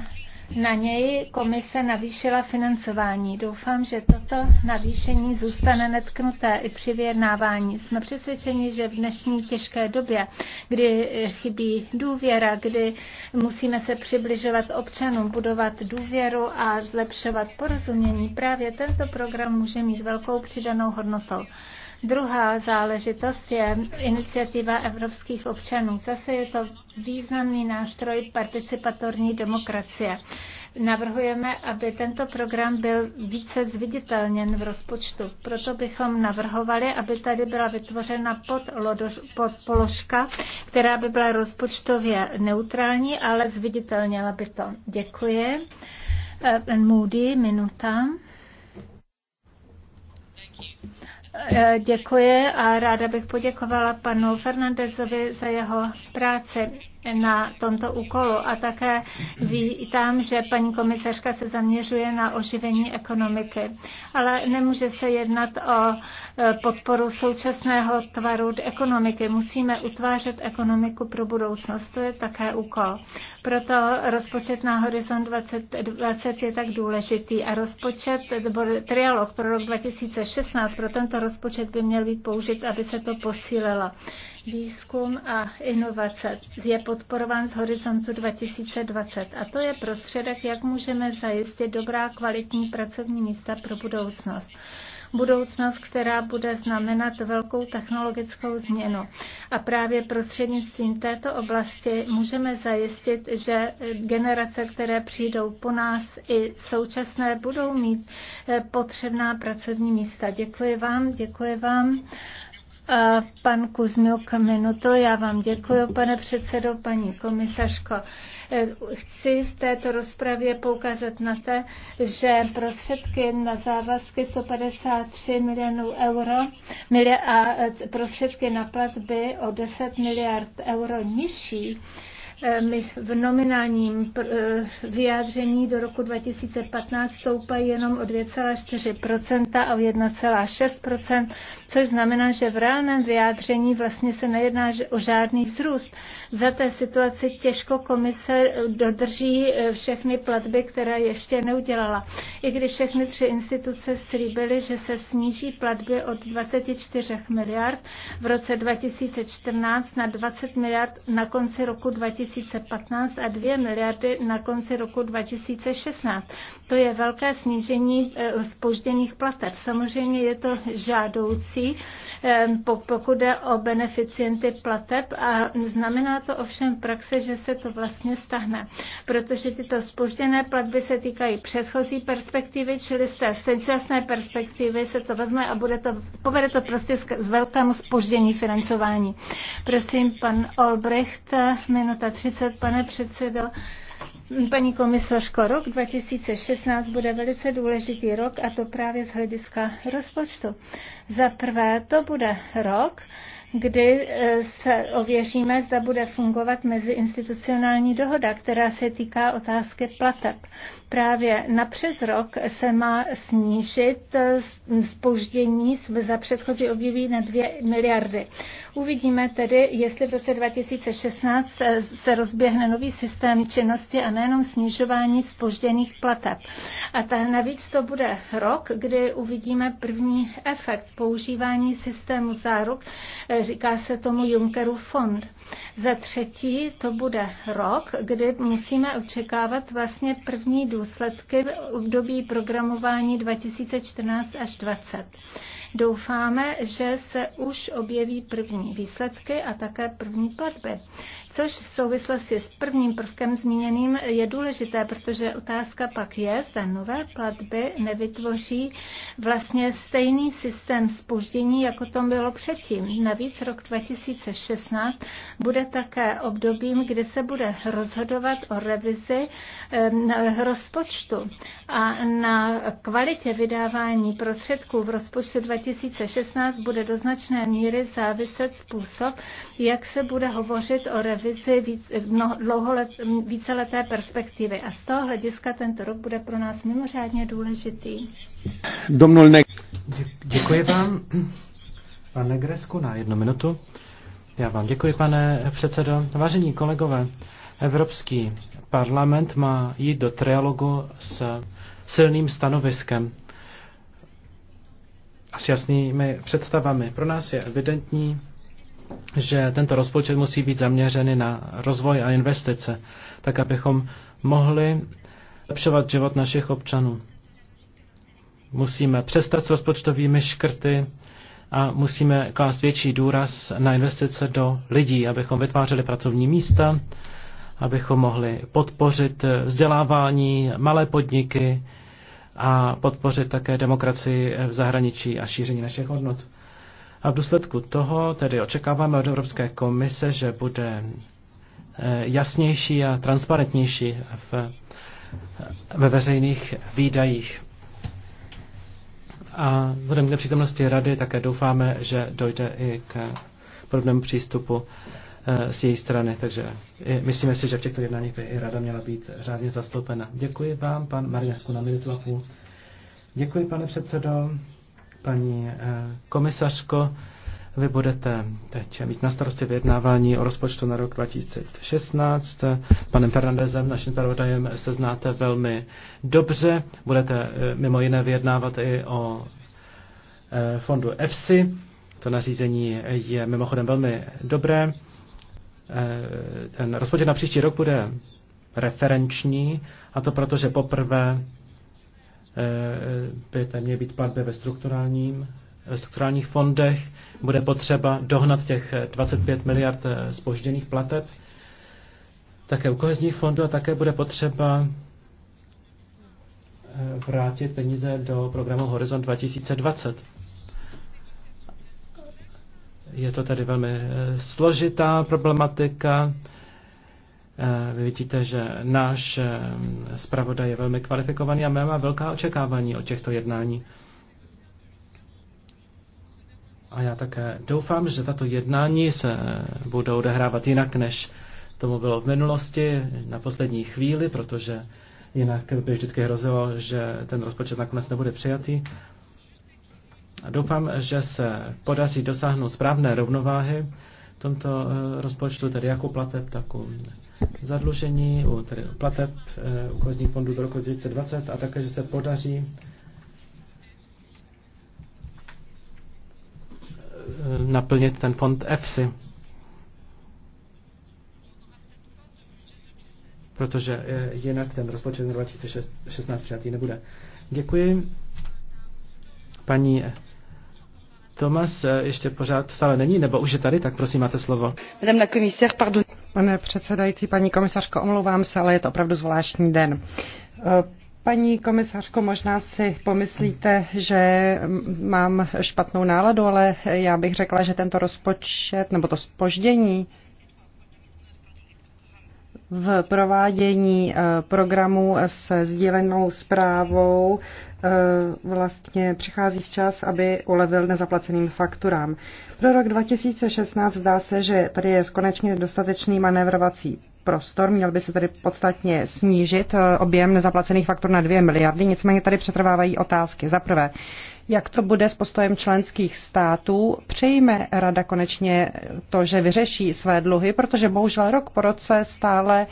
S7: na něj komise navýšila financování. Doufám, že toto navýšení zůstane netknuté i při vyjednávání. Jsme přesvědčeni, že v dnešní těžké době, kdy chybí důvěra, kdy musíme se přibližovat občanům, budovat důvěru a zlepšovat porozumění, právě tento program může mít velkou přidanou hodnotou. Druhá záležitost je iniciativa evropských občanů. Zase je to významný nástroj participatorní demokracie. Navrhujeme, aby tento program byl více zviditelněn v rozpočtu. Proto bychom navrhovali, aby tady byla vytvořena pod, lodož, pod položka, která by byla rozpočtově neutrální, ale zviditelněla by to. Děkuji. Eh, Moody, minuta. E, děkuji a ráda bych poděkovala panu Fernandezovi za jeho práci na tomto úkolu. A také vítám, že paní komisařka se zaměřuje na oživení ekonomiky. Ale nemůže se jednat o e, podporu současného tvaru ekonomiky. Musíme utvářet ekonomiku pro budoucnost. To je také úkol. Proto rozpočet na Horizon 2020 je tak důležitý a rozpočet, nebo trialog pro rok 2016, pro tento rozpočet by měl být použit, aby se to posílilo výzkum a inovace je podporován z horizontu 2020 a to je prostředek, jak můžeme zajistit dobrá kvalitní pracovní místa pro budoucnost budoucnost, která bude znamenat velkou technologickou změnu. A právě prostřednictvím této oblasti můžeme zajistit, že generace, které přijdou po nás i současné, budou mít eh, potřebná pracovní místa. Děkuji vám, děkuji vám. Pan Kuzmiuk, minutu. Já vám děkuji, pane předsedo, paní komisařko. E, chci v této rozpravě poukázat na to, že prostředky na závazky 153 milionů euro a e, prostředky na platby o 10 miliard euro nižší Eh, v nominálním eh, vyjádření do roku 2015 stoupají jenom o 2,4% a o 1,6%, což znamená, že v reálném vyjádření vlastně se nejedná o žádný vzrůst. Za té situaci těžko komise eh, dodrží všechny platby, které ještě neudělala. I když všechny tři instituce slíbily, že se sníží platby od 24 miliard v roce 2014 na 20 miliard na konci roku 2015, 2015 a 2 miliardy na konci roku 2016. To je velké snížení spožděných eh, plateb. Samozřejmě je to žádoucí, eh, pokud jde o beneficienty plateb a znamená to ovšem v praxe, že se to vlastně stahne, protože tyto spožděné platby se týkají předchozí perspektivy, čili z té současné perspektivy se to vezme a bude to, povede to prostě z velkému spoždění financování. Prosím, pan Olbrecht, minuta 30, pane předsedo. Paní komisařko, rok 2016 bude velice důležitý rok a to právě z hlediska rozpočtu. Za prvé to bude rok, kdy eh, se ověříme, zda bude fungovat meziinstitucionální dohoda, která se týká otázky plateb. Právě na přes rok se má snížit eh, spoždění za předchozí období na 2 miliardy. Uvidíme tedy, jestli v roce 2016 eh, se rozběhne nový systém činnosti a nejenom snižování spožděných plateb. A ta, navíc to bude rok, kdy uvidíme první efekt používání systému záruk, eh, říká se tomu Junckerův fond. Za třetí to bude rok, kdy musíme očekávat vlastně první důsledky období programování 2014 až 2020. Doufáme, že se už objeví první výsledky a také první platby což v souvislosti s prvním prvkem zmíněným je důležité, protože otázka pak je, zda nové platby nevytvoří vlastně stejný systém spoždění, jako to bylo předtím. Navíc rok 2016 bude také obdobím, kdy se bude rozhodovat o revizi rozpočtu a na kvalitě vydávání prostředků v rozpočtu 2016 bude do značné míry záviset způsob, jak se bude hovořit o revizi revizi víc, mnoho, dlouholet, víceleté perspektivy. A z toho hlediska tento rok bude pro nás mimořádně důležitý.
S2: Dě,
S5: Děkuji vám. Pane Gresku, na jednu minutu. Já vám děkuji, pane předsedo. Vážení kolegové, Evropský parlament má jít do trialogu s silným stanoviskem a s jasnými představami. Pro nás je evidentní, že tento rozpočet musí být zaměřený na rozvoj a investice, tak abychom mohli lepšovat život našich občanů. Musíme přestat s rozpočtovými škrty a musíme klást větší důraz na investice do lidí, abychom vytvářeli pracovní místa, abychom mohli podpořit vzdělávání, malé podniky a podpořit také demokracii v zahraničí a šíření našich hodnot. A v důsledku toho tedy očekáváme od Evropské komise, že bude eh, jasnější a transparentnější v, eh, ve veřejných výdajích. A vzhledem k přítomnosti rady také doufáme, že dojde i k podobnému přístupu eh, z její strany. Takže myslíme si, že v těchto jednáních by i rada měla být řádně zastoupena. Děkuji vám, pan Marinesku, na minutu a půl. Děkuji, pane předsedo. Paní eh, komisařko, vy budete teď mít na starosti vyjednávání o rozpočtu na rok 2016. Panem Fernandezem, naším pravodajem, se znáte velmi dobře. Budete eh, mimo jiné vyjednávat i o eh, fondu EFSI. To nařízení je mimochodem velmi dobré. Ten rozpočet na příští rok bude referenční, a to proto, že poprvé Eh, eh, by tam měly být platby ve strukturálním ve eh, strukturálních fondech, bude potřeba dohnat těch 25 miliard spožděných plateb, také u kohezních fondů a také bude potřeba vrátit peníze do programu Horizont 2020. Je to tedy velmi složitá problematika, Eh, vy vidíte, že náš zpravodaj je velmi kvalifikovaný a má velká očekávání od těchto jednání. A já také doufám, že tato jednání se eh, budou odehrávat jinak, než tomu bylo v minulosti, na poslední chvíli, protože jinak by vždycky hrozilo, že ten rozpočet nakonec nebude přijatý. A doufám, že se podaří dosáhnout správné rovnováhy tomto eh, rozpočtu, tedy jak plateb, tak u zadlužení, u, tedy plateb eh, u kohezních fondů do roku 2020 a také, že se podaří eh, naplnit ten fond EFSI. Protože jinak ten rozpočet na 2016 přijatý nebude. Děkuji. Paní Tomas eh, ještě pořád v sále není, nebo už je tady, tak prosím, máte slovo. Madame la
S6: commissaire, pardon. Pane předsedající, paní komisařko, omlouvám se, ale je to opravdu zvláštní den. Eh, paní komisařko, možná si pomyslíte, že mám špatnou náladu, ale já bych řekla, že tento rozpočet nebo to spoždění v provádění eh, programu se sdílenou zprávou eh, vlastně přichází včas, aby ulevil nezaplaceným fakturám. Pro rok 2016 zdá se, že tady je konečně dostatečný manévrovací prostor, měl by se tady podstatně snížit eh, objem nezaplacených faktur na 2 miliardy, nicméně tady přetrvávají otázky. Za prvé, jak to bude s postojem členských států. Přejme rada konečně to, že vyřeší své dluhy, protože bohužel rok po roce stále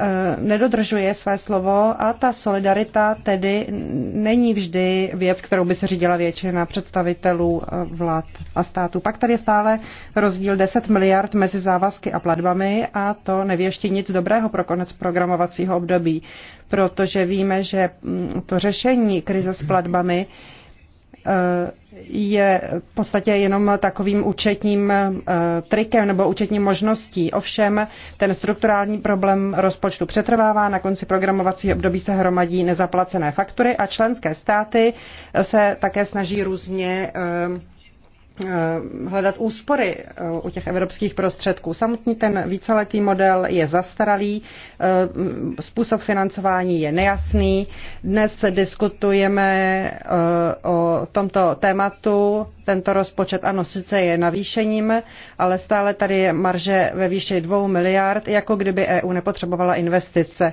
S6: eh, nedodržuje své slovo a ta solidarita tedy není vždy věc, kterou by se řídila většina představitelů eh, vlád a států. Pak tady je stále rozdíl 10 miliard mezi závazky a platbami a to ještě nic dobrého pro konec programovacího období, protože víme, že mm, to řešení krize s platbami je v podstatě jenom takovým účetním eh, trikem nebo účetní možností. Ovšem ten strukturální problém rozpočtu přetrvává, na konci programovacího období se hromadí nezaplacené faktury a členské státy se také snaží různě eh, Eh, hledat úspory eh, u těch evropských prostředků. Samotný ten víceletý model je zastaralý, eh, způsob financování je nejasný. Dnes diskutujeme o tomto tématu. Tento rozpočet, ano, sice je navýšením, ale stále tady je marže ve výši 2 miliard, jako kdyby EU nepotřebovala investice.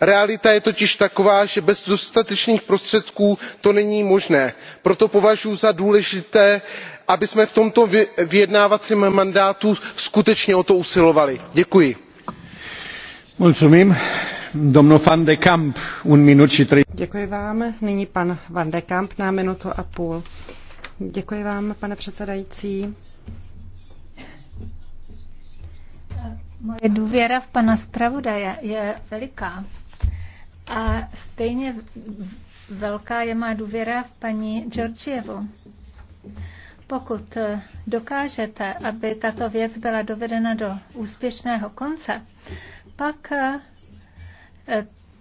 S2: realita je totiž taková že bez dostatečných prostředků to není možné. proto považuji za důležité abychom v tomto vyjednávacím mandátu skutečně o to usilovali. děkuji.
S6: děkuji vám. pan van de na a půl. Děkuji vám, pane předsedající.
S7: Moje důvěra v pana zpravodaje je veliká. A stejně velká je má důvěra v paní Georgievu. Pokud dokážete, aby tato věc byla dovedena do úspěšného konce, pak eh,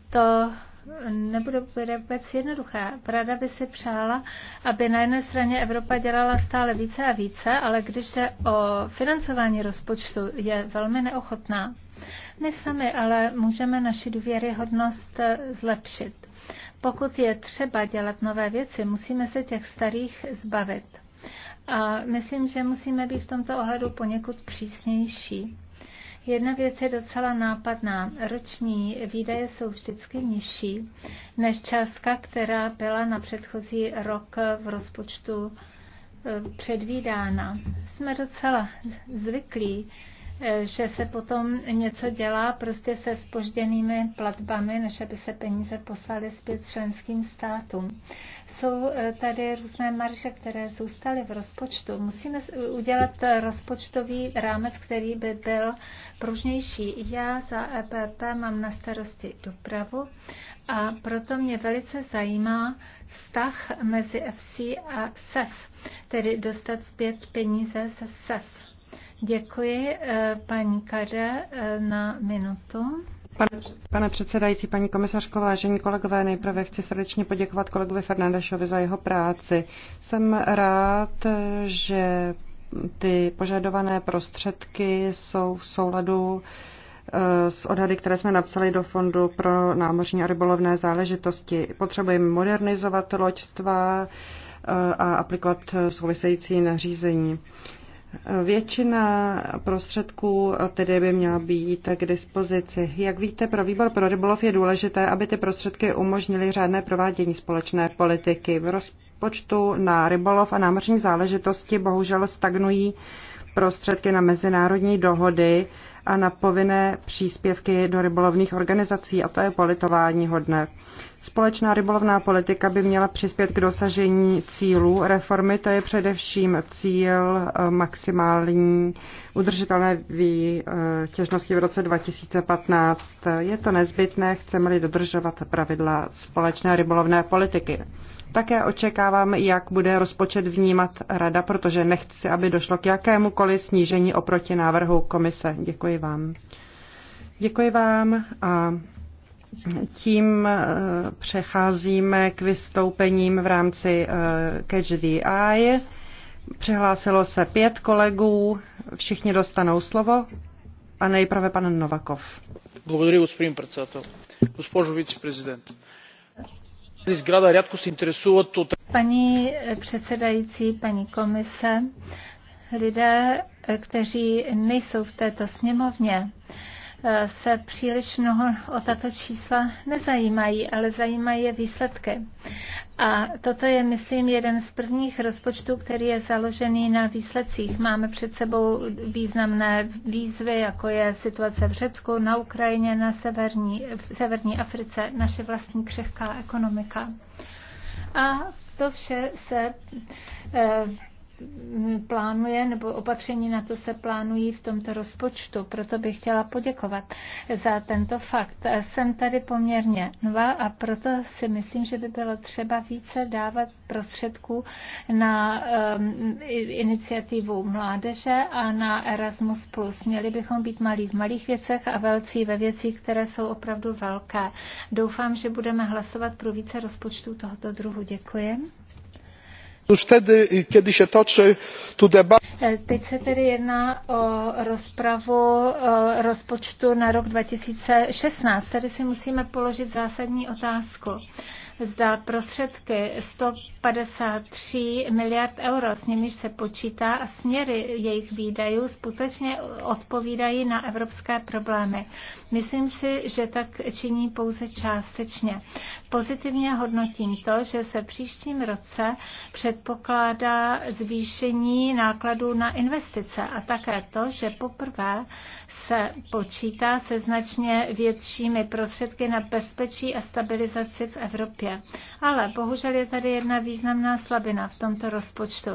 S7: to nebude vůbec jednoduché. Prada by si přála, aby na jedné straně Evropa dělala stále více a více, ale když se o financování rozpočtu je velmi neochotná, my sami ale můžeme naši důvěryhodnost eh, zlepšit. Pokud je třeba dělat nové věci, musíme se těch starých zbavit. A myslím, že musíme být v tomto ohledu poněkud přísnější. Jedna věc je docela nápadná. Roční výdaje jsou vždycky nižší než částka, která byla na předchozí rok v rozpočtu eh, předvídána. Jsme docela zvyklí Eh, že se potom něco dělá prostě se spožděnými platbami, než aby se peníze poslaly zpět členským státům. Jsou eh, tady různé marže, které zůstaly v rozpočtu. Musíme udělat rozpočtový rámec, který by byl pružnější. Já za EPP mám na starosti dopravu a proto mě velice zajímá vztah mezi FC a SEF, tedy dostat zpět peníze ze SEF Děkuji, eh, paní Kare, eh, na minutu.
S6: Pane, pane předsedající, paní komisařko, vážení kolegové, nejprve chci srdečně poděkovat kolegovi Fernandešovi za jeho práci. Jsem rád, že ty požadované prostředky jsou v souladu eh, s odhady, které jsme napsali do Fondu pro námořní a rybolovné záležitosti. Potřebujeme modernizovat loďstva a aplikovat související nařízení. Většina prostředků tedy by měla být k dispozici. Jak víte, pro výbor pro rybolov je důležité, aby ty prostředky umožnily řádné provádění společné politiky. V rozpočtu na rybolov a námořní záležitosti bohužel stagnují prostředky na mezinárodní dohody a na povinné příspěvky do rybolovných organizací a to je politování hodné. Společná rybolovná politika by měla přispět k dosažení cílů reformy, to je především cíl eh, maximální udržitelné těžnosti v roce 2015. Je to nezbytné, chceme-li dodržovat pravidla společné rybolovné politiky. Také očekávám, jak bude rozpočet vnímat rada, protože nechci, aby došlo k jakémukoliv snížení oproti návrhu komise. Děkuji vám. Děkuji vám a tím eh, přecházíme k vystoupením v rámci eh, Catch the Eye. Přihlásilo se pět kolegů, všichni dostanou slovo a nejprve pan Novakov.
S5: Děkuji, господин председател.
S2: Госпожо вице-президент,
S6: Paní
S7: předsedající, paní komise, lidé, kteří nejsou v této sněmovně, se příliš mnoho o tato čísla nezajímají, ale zajímají je výsledky. A toto je, myslím, jeden z prvních rozpočtů, který je založený na výsledcích. Máme před sebou významné výzvy, jako je situace v Řecku, na Ukrajině, na severní, v severní Africe, naše vlastní křehká ekonomika. A to vše se eh, Mm, plánuje, nebo opatření na to se plánují v tomto rozpočtu. Proto bych chtěla poděkovat za tento fakt. Jsem tady poměrně nová a proto si myslím, že by bylo třeba více dávat prostředků na um, iniciativu mládeže a na Erasmus+. Měli bychom být malí v malých věcech a velcí ve věcích, které jsou opravdu velké. Doufám, že budeme hlasovat pro více rozpočtů tohoto druhu. Děkuji.
S2: Už vtedy, kdy se točí tu debatu.
S7: E, teď se tedy jedná o rozpravu o e, rozpočtu na rok 2016. Tady si musíme položit zásadní otázku. Zda prostředky 153 miliard euro, s nimiž se počítá a směry jejich výdajů skutečně odpovídají na evropské problémy. Myslím si, že tak činí pouze částečně. Pozitivně hodnotím to, že se příštím roce předpokládá zvýšení nákladů na investice a také to, že poprvé se počítá se značně většími prostředky na bezpečí a stabilizaci v Evropě. Evropě. Ale bohužel je tady jedna významná slabina v tomto rozpočtu.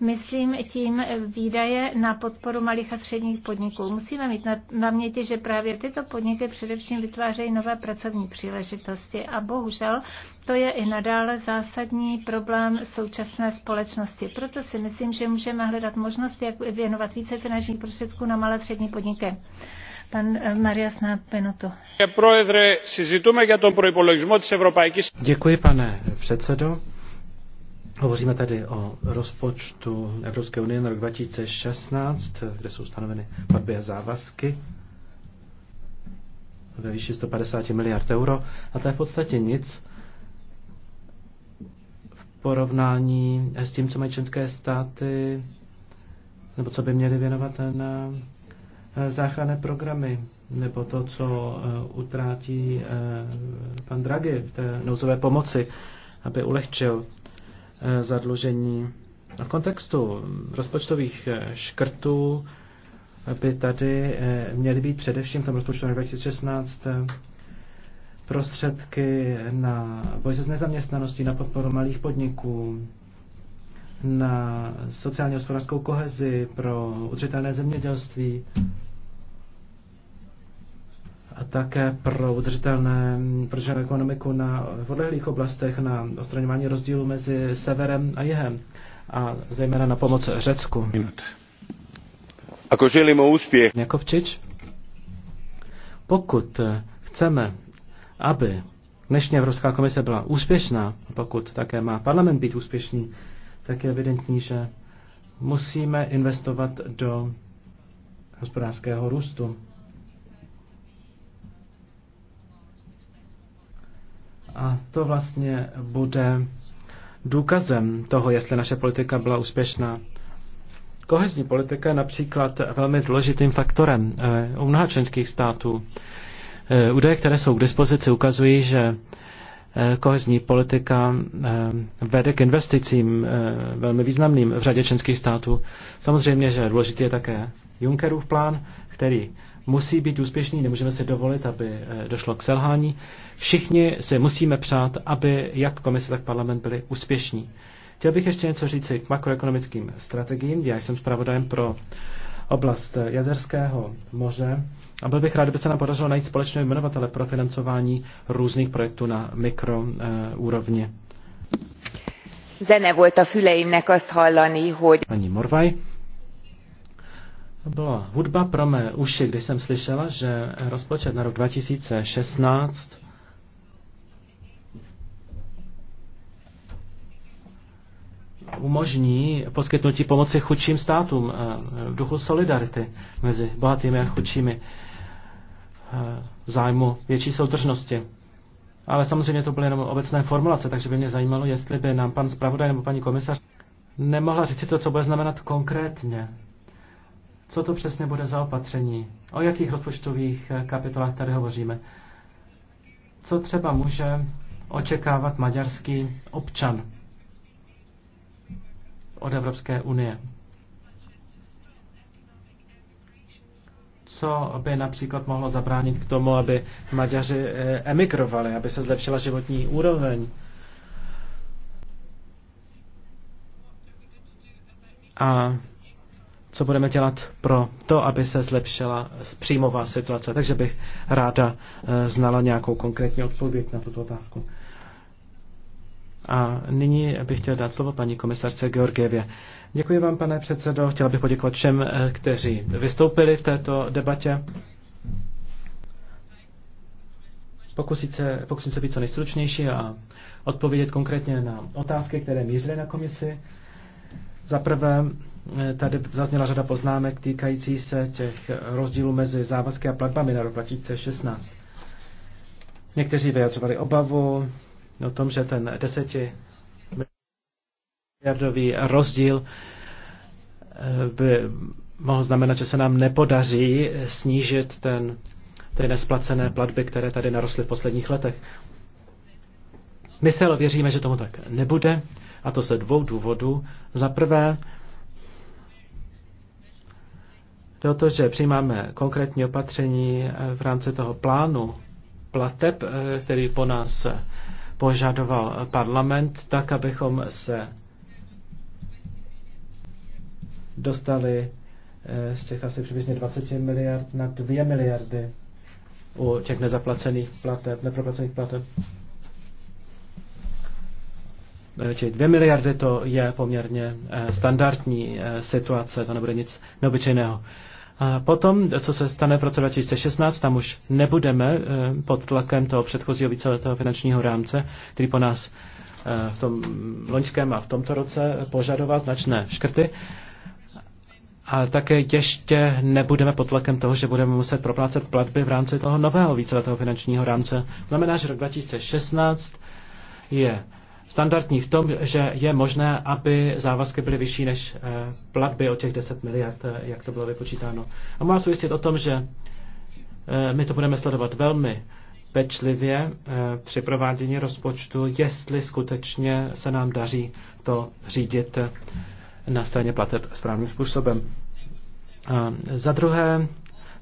S7: Myslím tím výdaje na podporu malých a středních podniků. Musíme mít na, měti, že právě tyto podniky především vytvářejí nové pracovní příležitosti a bohužel to je i nadále zásadní problém současné společnosti. Proto si myslím, že můžeme hledat možnost, jak věnovat více finančních prostředků na malé a střední podniky. Eh,
S2: Děkuji, pane
S5: předsedo. Hovoříme tady o rozpočtu Evropské unie na rok 2016, kde jsou stanoveny platby a závazky ve výši 150 miliard euro. A to je v podstatě nic v porovnání s tím, co mají členské státy, nebo co by měly věnovat na záchranné programy, nebo to, co eh, utrátí eh, pan Draghi v té nouzové pomoci, aby ulehčil eh, zadlužení. V kontextu rozpočtových škrtů by tady měly být především v tom rozpočtu 2016 prostředky na boj se nezaměstnaností, na podporu malých podniků, na sociálně hospodářskou kohezi, pro udržitelné zemědělství, a také pro udržitelné, udržitelnou ekonomiku na, v odlehlých oblastech, na odstraňování rozdílů mezi severem a jihem a zejména na pomoc
S2: Řecku. Ako o
S5: úspěch. Jakovčič, pokud chceme, aby dnešní Evropská komise byla úspěšná, pokud také má parlament být úspěšný, tak je evidentní, že musíme investovat do hospodářského růstu. A to vlastně bude důkazem toho, jestli naše politika byla úspěšná. Kohezní politika je například velmi důležitým faktorem eh, u mnoha členských států. Eh, údaje, které jsou k dispozici, ukazují, že eh, kohezní politika vede k investicím velmi významným v řadě členských států. Samozřejmě, že důležitý je také Junckerův plán, který musí být úspěšný, nemůžeme si dovolit, aby eh, došlo k selhání. Všichni si musíme přát, aby jak komise, tak parlament byli úspěšní. Chtěl bych ještě něco říci k makroekonomickým strategiím. Já jsem zpravodajem pro oblast eh, Jaderského moře a byl bych rád, kdyby se nám podařilo najít společného jmenovatele pro financování různých projektů na mikroúrovni. Eh,
S4: Zene volt a
S3: füleimnek azt hallani, hogy...
S5: Pani Morvaj to byla hudba pro mé uši, když jsem slyšela, že rozpočet na rok 2016 umožní poskytnutí pomoci chudším státům eh, v duchu solidarity mezi bohatými a chudšími eh, zájmu větší soudržnosti. Ale samozřejmě to byly jenom obecné formulace, takže by mě zajímalo, jestli by nám pan zpravodaj nebo paní komisař nemohla říct to, co bude znamenat konkrétně co to přesně bude za opatření? O jakých rozpočtových eh, kapitolách tady hovoříme? Co třeba může očekávat maďarský občan od Evropské unie? co by například mohlo zabránit k tomu, aby Maďaři eh, emigrovali, aby se zlepšila životní úroveň. A co budeme dělat pro to, aby se zlepšila příjmová situace. Takže bych ráda eh, znala nějakou konkrétní odpověď na tuto otázku. A nyní bych chtěl dát slovo paní komisarce Georgievě. Děkuji vám, pane předsedo. Chtěla bych poděkovat všem, eh, kteří vystoupili v této debatě. pokusit se, pokusit se být co nejstručnější a odpovědět konkrétně na otázky, které mířily na komisi. Za prvé, eh, tady zazněla řada poznámek týkající se těch rozdílů mezi závazky a platbami na rok 2016. Někteří vyjadřovali obavu o tom, že ten deseti miliardový rozdíl eh, by mohl znamenat, že se nám nepodaří snížit ten, ty nesplacené platby, které tady narostly v posledních letech. My se ale věříme, že tomu tak nebude. A to ze dvou důvodů. Za prvé, protože že přijímáme konkrétní opatření eh, v rámci toho plánu plateb, eh, který po nás eh, požadoval parlament, tak abychom se dostali z těch asi přibližně 20 miliard na 2 miliardy u těch nezaplacených plateb, neproplacených plateb. Eh, Čili dvě miliardy, to je poměrně eh, standardní eh, situace, to nebude nic neobyčejného. A potom, co se stane v roce 2016, tam už nebudeme pod tlakem toho předchozího víceletého finančního rámce, který po nás v tom loňském a v tomto roce požadoval značné škrty. Ale také ještě nebudeme pod tlakem toho, že budeme muset proplácet platby v rámci toho nového víceletého finančního rámce. Znamená, že rok 2016 je standardní v tom, že je možné, aby závazky byly vyšší než eh, platby o těch 10 miliard, eh, jak to bylo vypočítáno. A mohu vás ujistit o tom, že eh, my to budeme sledovat velmi pečlivě při provádění rozpočtu, jestli skutečně se nám daří to řídit na straně plateb správným způsobem. A za druhé,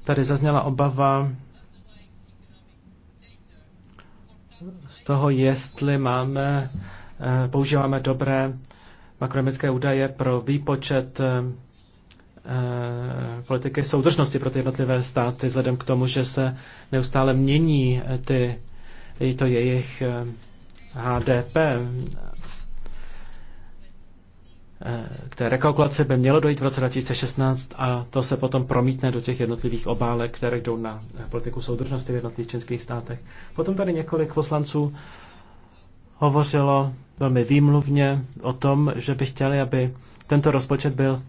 S5: tady zazněla obava z toho, jestli máme Eh, používáme dobré makroekonomické údaje pro výpočet eh, eh, politiky soudržnosti pro ty jednotlivé státy, vzhledem k tomu, že se neustále mění ty, to jejich HDP. K té rekalkulaci by mělo dojít v roce 2016 a to se potom promítne do těch jednotlivých obálek, které jdou na politiku soudržnosti v jednotlivých českých státech. Potom tady několik poslanců hovořilo velmi výmluvně o tom, že by chtěli, aby tento rozpočet byl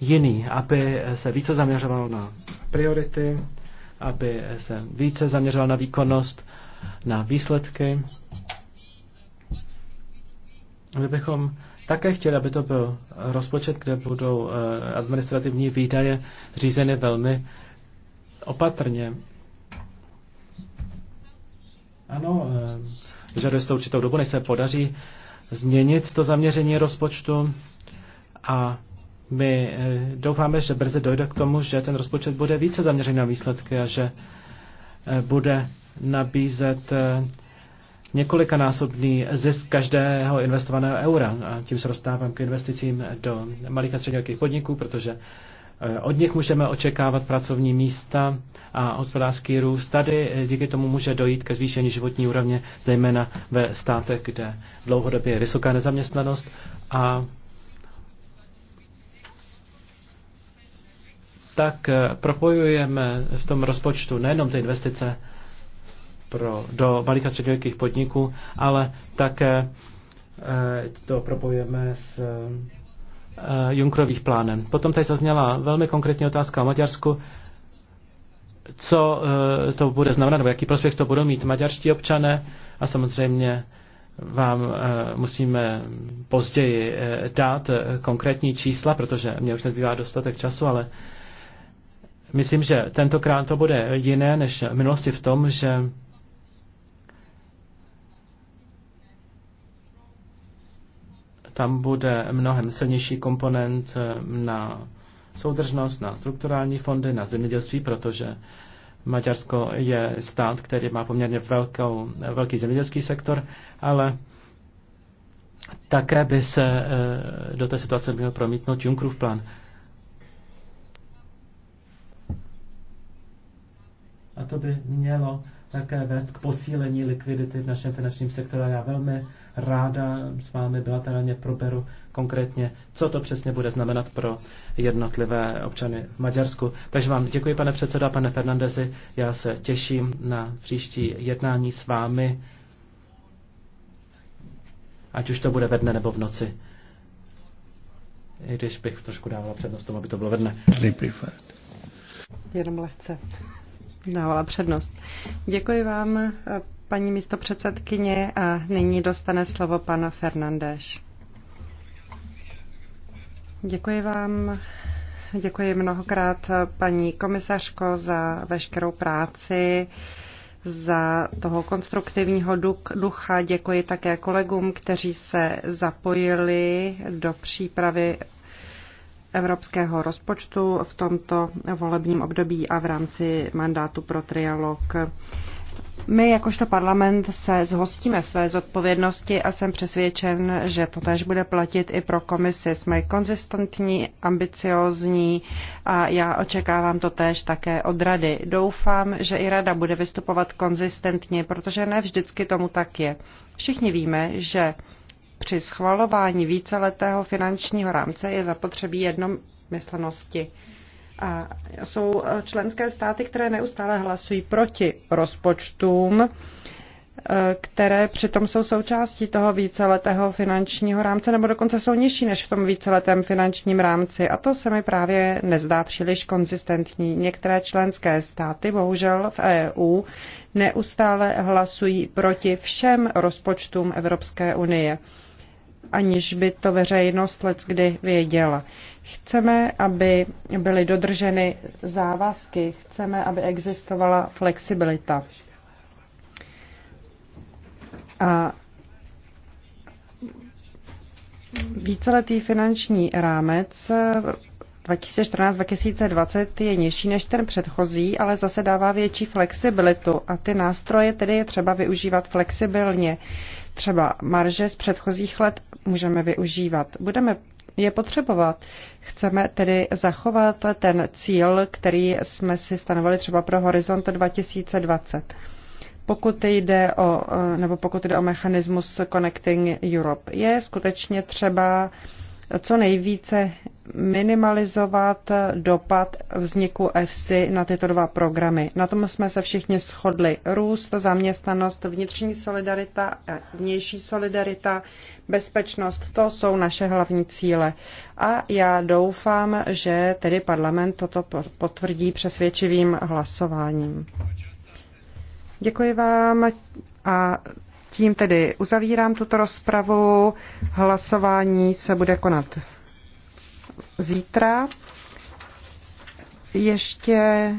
S5: jiný, aby se více zaměřoval na priority, aby se více zaměřoval na výkonnost, na výsledky. My bychom také chtěli, aby to byl rozpočet, kde budou eh, administrativní výdaje řízeny velmi opatrně. Ano, eh, že to určitou dobu, než se podaří změnit to zaměření rozpočtu a my eh, doufáme, že brzy dojde k tomu, že ten rozpočet bude více zaměřený na výsledky a že eh, bude nabízet eh, několikanásobný zisk každého investovaného eura. A tím se dostávám k investicím do malých a středních podniků, protože Eh, od nich můžeme očekávat pracovní místa a hospodářský růst. Tady eh, díky tomu může dojít ke zvýšení životní úrovně, zejména ve státech, kde dlouhodobě je vysoká nezaměstnanost a tak eh, propojujeme v tom rozpočtu nejenom ty investice pro, do malých a středních podniků, ale také to propojujeme s Eh, Junkrových plánem. Potom tady zazněla velmi konkrétní otázka o Maďarsku, co eh, to bude znamenat, nebo jaký prospěch to budou mít maďarští občané a samozřejmě vám eh, musíme později dát konkrétní čísla, protože mě už nezbývá dostatek času, ale myslím, že tentokrát to bude jiné než v minulosti v tom, že Tam bude mnohem silnější komponent eh, na soudržnost, na strukturální fondy, na zemědělství, protože Maďarsko je stát, který má poměrně velkou, velký zemědělský sektor, ale také by se eh, do té situace měl promítnout Junckerův plán. A to by mělo také vést k posílení likvidity v našem finančním sektoru. Já velmi ráda s vámi bilaterálně proberu konkrétně, co to přesně bude znamenat pro jednotlivé občany v Maďarsku. Takže vám děkuji, pane předsedo a pane Fernandezi. Já se těším na příští jednání s vámi, ať už to bude ve dne nebo v noci. I když bych trošku dávala přednost tomu, aby to bylo ve dne.
S6: Jenom lehce dávala přednost. Děkuji vám, paní místopředsedkyně, a nyní dostane slovo pan Fernandéš. Děkuji vám. Děkuji mnohokrát, paní komisařko, za veškerou práci, za toho konstruktivního ducha. Děkuji také kolegům, kteří se zapojili do přípravy evropského rozpočtu v tomto volebním období a v rámci mandátu pro trialog. My jakožto parlament se zhostíme své zodpovědnosti a jsem přesvědčen, že to tež bude platit i pro komisi. Jsme konzistentní, ambiciozní a já očekávám to tež také od rady. Doufám, že i rada bude vystupovat konzistentně, protože ne vždycky tomu tak je. Všichni víme, že při schvalování víceletého finančního rámce je zapotřebí jednomyslnosti. A jsou eh, členské státy, které neustále hlasují proti rozpočtům, eh, které přitom jsou součástí toho víceletého finančního rámce, nebo dokonce jsou nižší než v tom víceletém finančním rámci. A to se mi právě nezdá příliš konzistentní. Některé členské státy, bohužel v EU, neustále hlasují proti všem rozpočtům Evropské unie aniž by to veřejnost let kdy věděla. Chceme, aby byly dodrženy závazky, chceme, aby existovala flexibilita. A víceletý finanční rámec 2014-2020 je nižší než ten předchozí, ale zase dává větší flexibilitu a ty nástroje tedy je třeba využívat flexibilně. Třeba marže z předchozích let můžeme využívat. Budeme je potřebovat. Chceme tedy zachovat ten cíl, který jsme si stanovili třeba pro horizont 2020. Pokud jde o, nebo pokud jde o mechanismus Connecting Europe, je skutečně třeba co nejvíce minimalizovat dopad vzniku EFSI na tyto dva programy. Na tom jsme se všichni shodli. Růst, zaměstnanost, vnitřní solidarita, vnější solidarita, bezpečnost, to jsou naše hlavní cíle. A já doufám, že tedy parlament toto potvrdí přesvědčivým hlasováním. Děkuji vám a tím tedy uzavírám tuto rozpravu. Hlasování se bude konat zítra. Ještě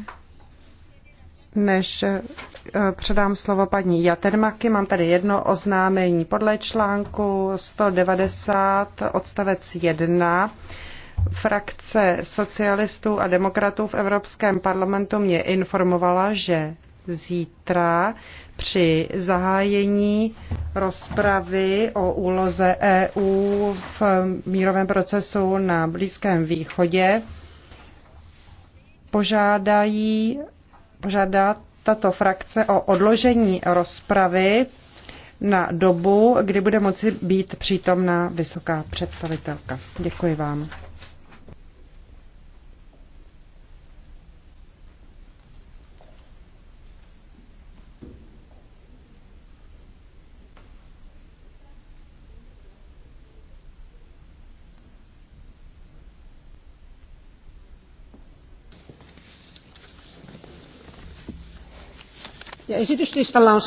S6: než eh, předám slovo paní Jatermaky, mám tady jedno oznámení. Podle článku 190 odstavec 1 frakce socialistů a demokratů v Evropském parlamentu mě informovala, že zítra při zahájení rozpravy o úloze EU v mírovém procesu na Blízkém východě požádají, požádá tato frakce o odložení rozpravy na dobu, kdy bude moci být přítomna vysoká představitelka. Děkuji vám.
S3: esityslistalla on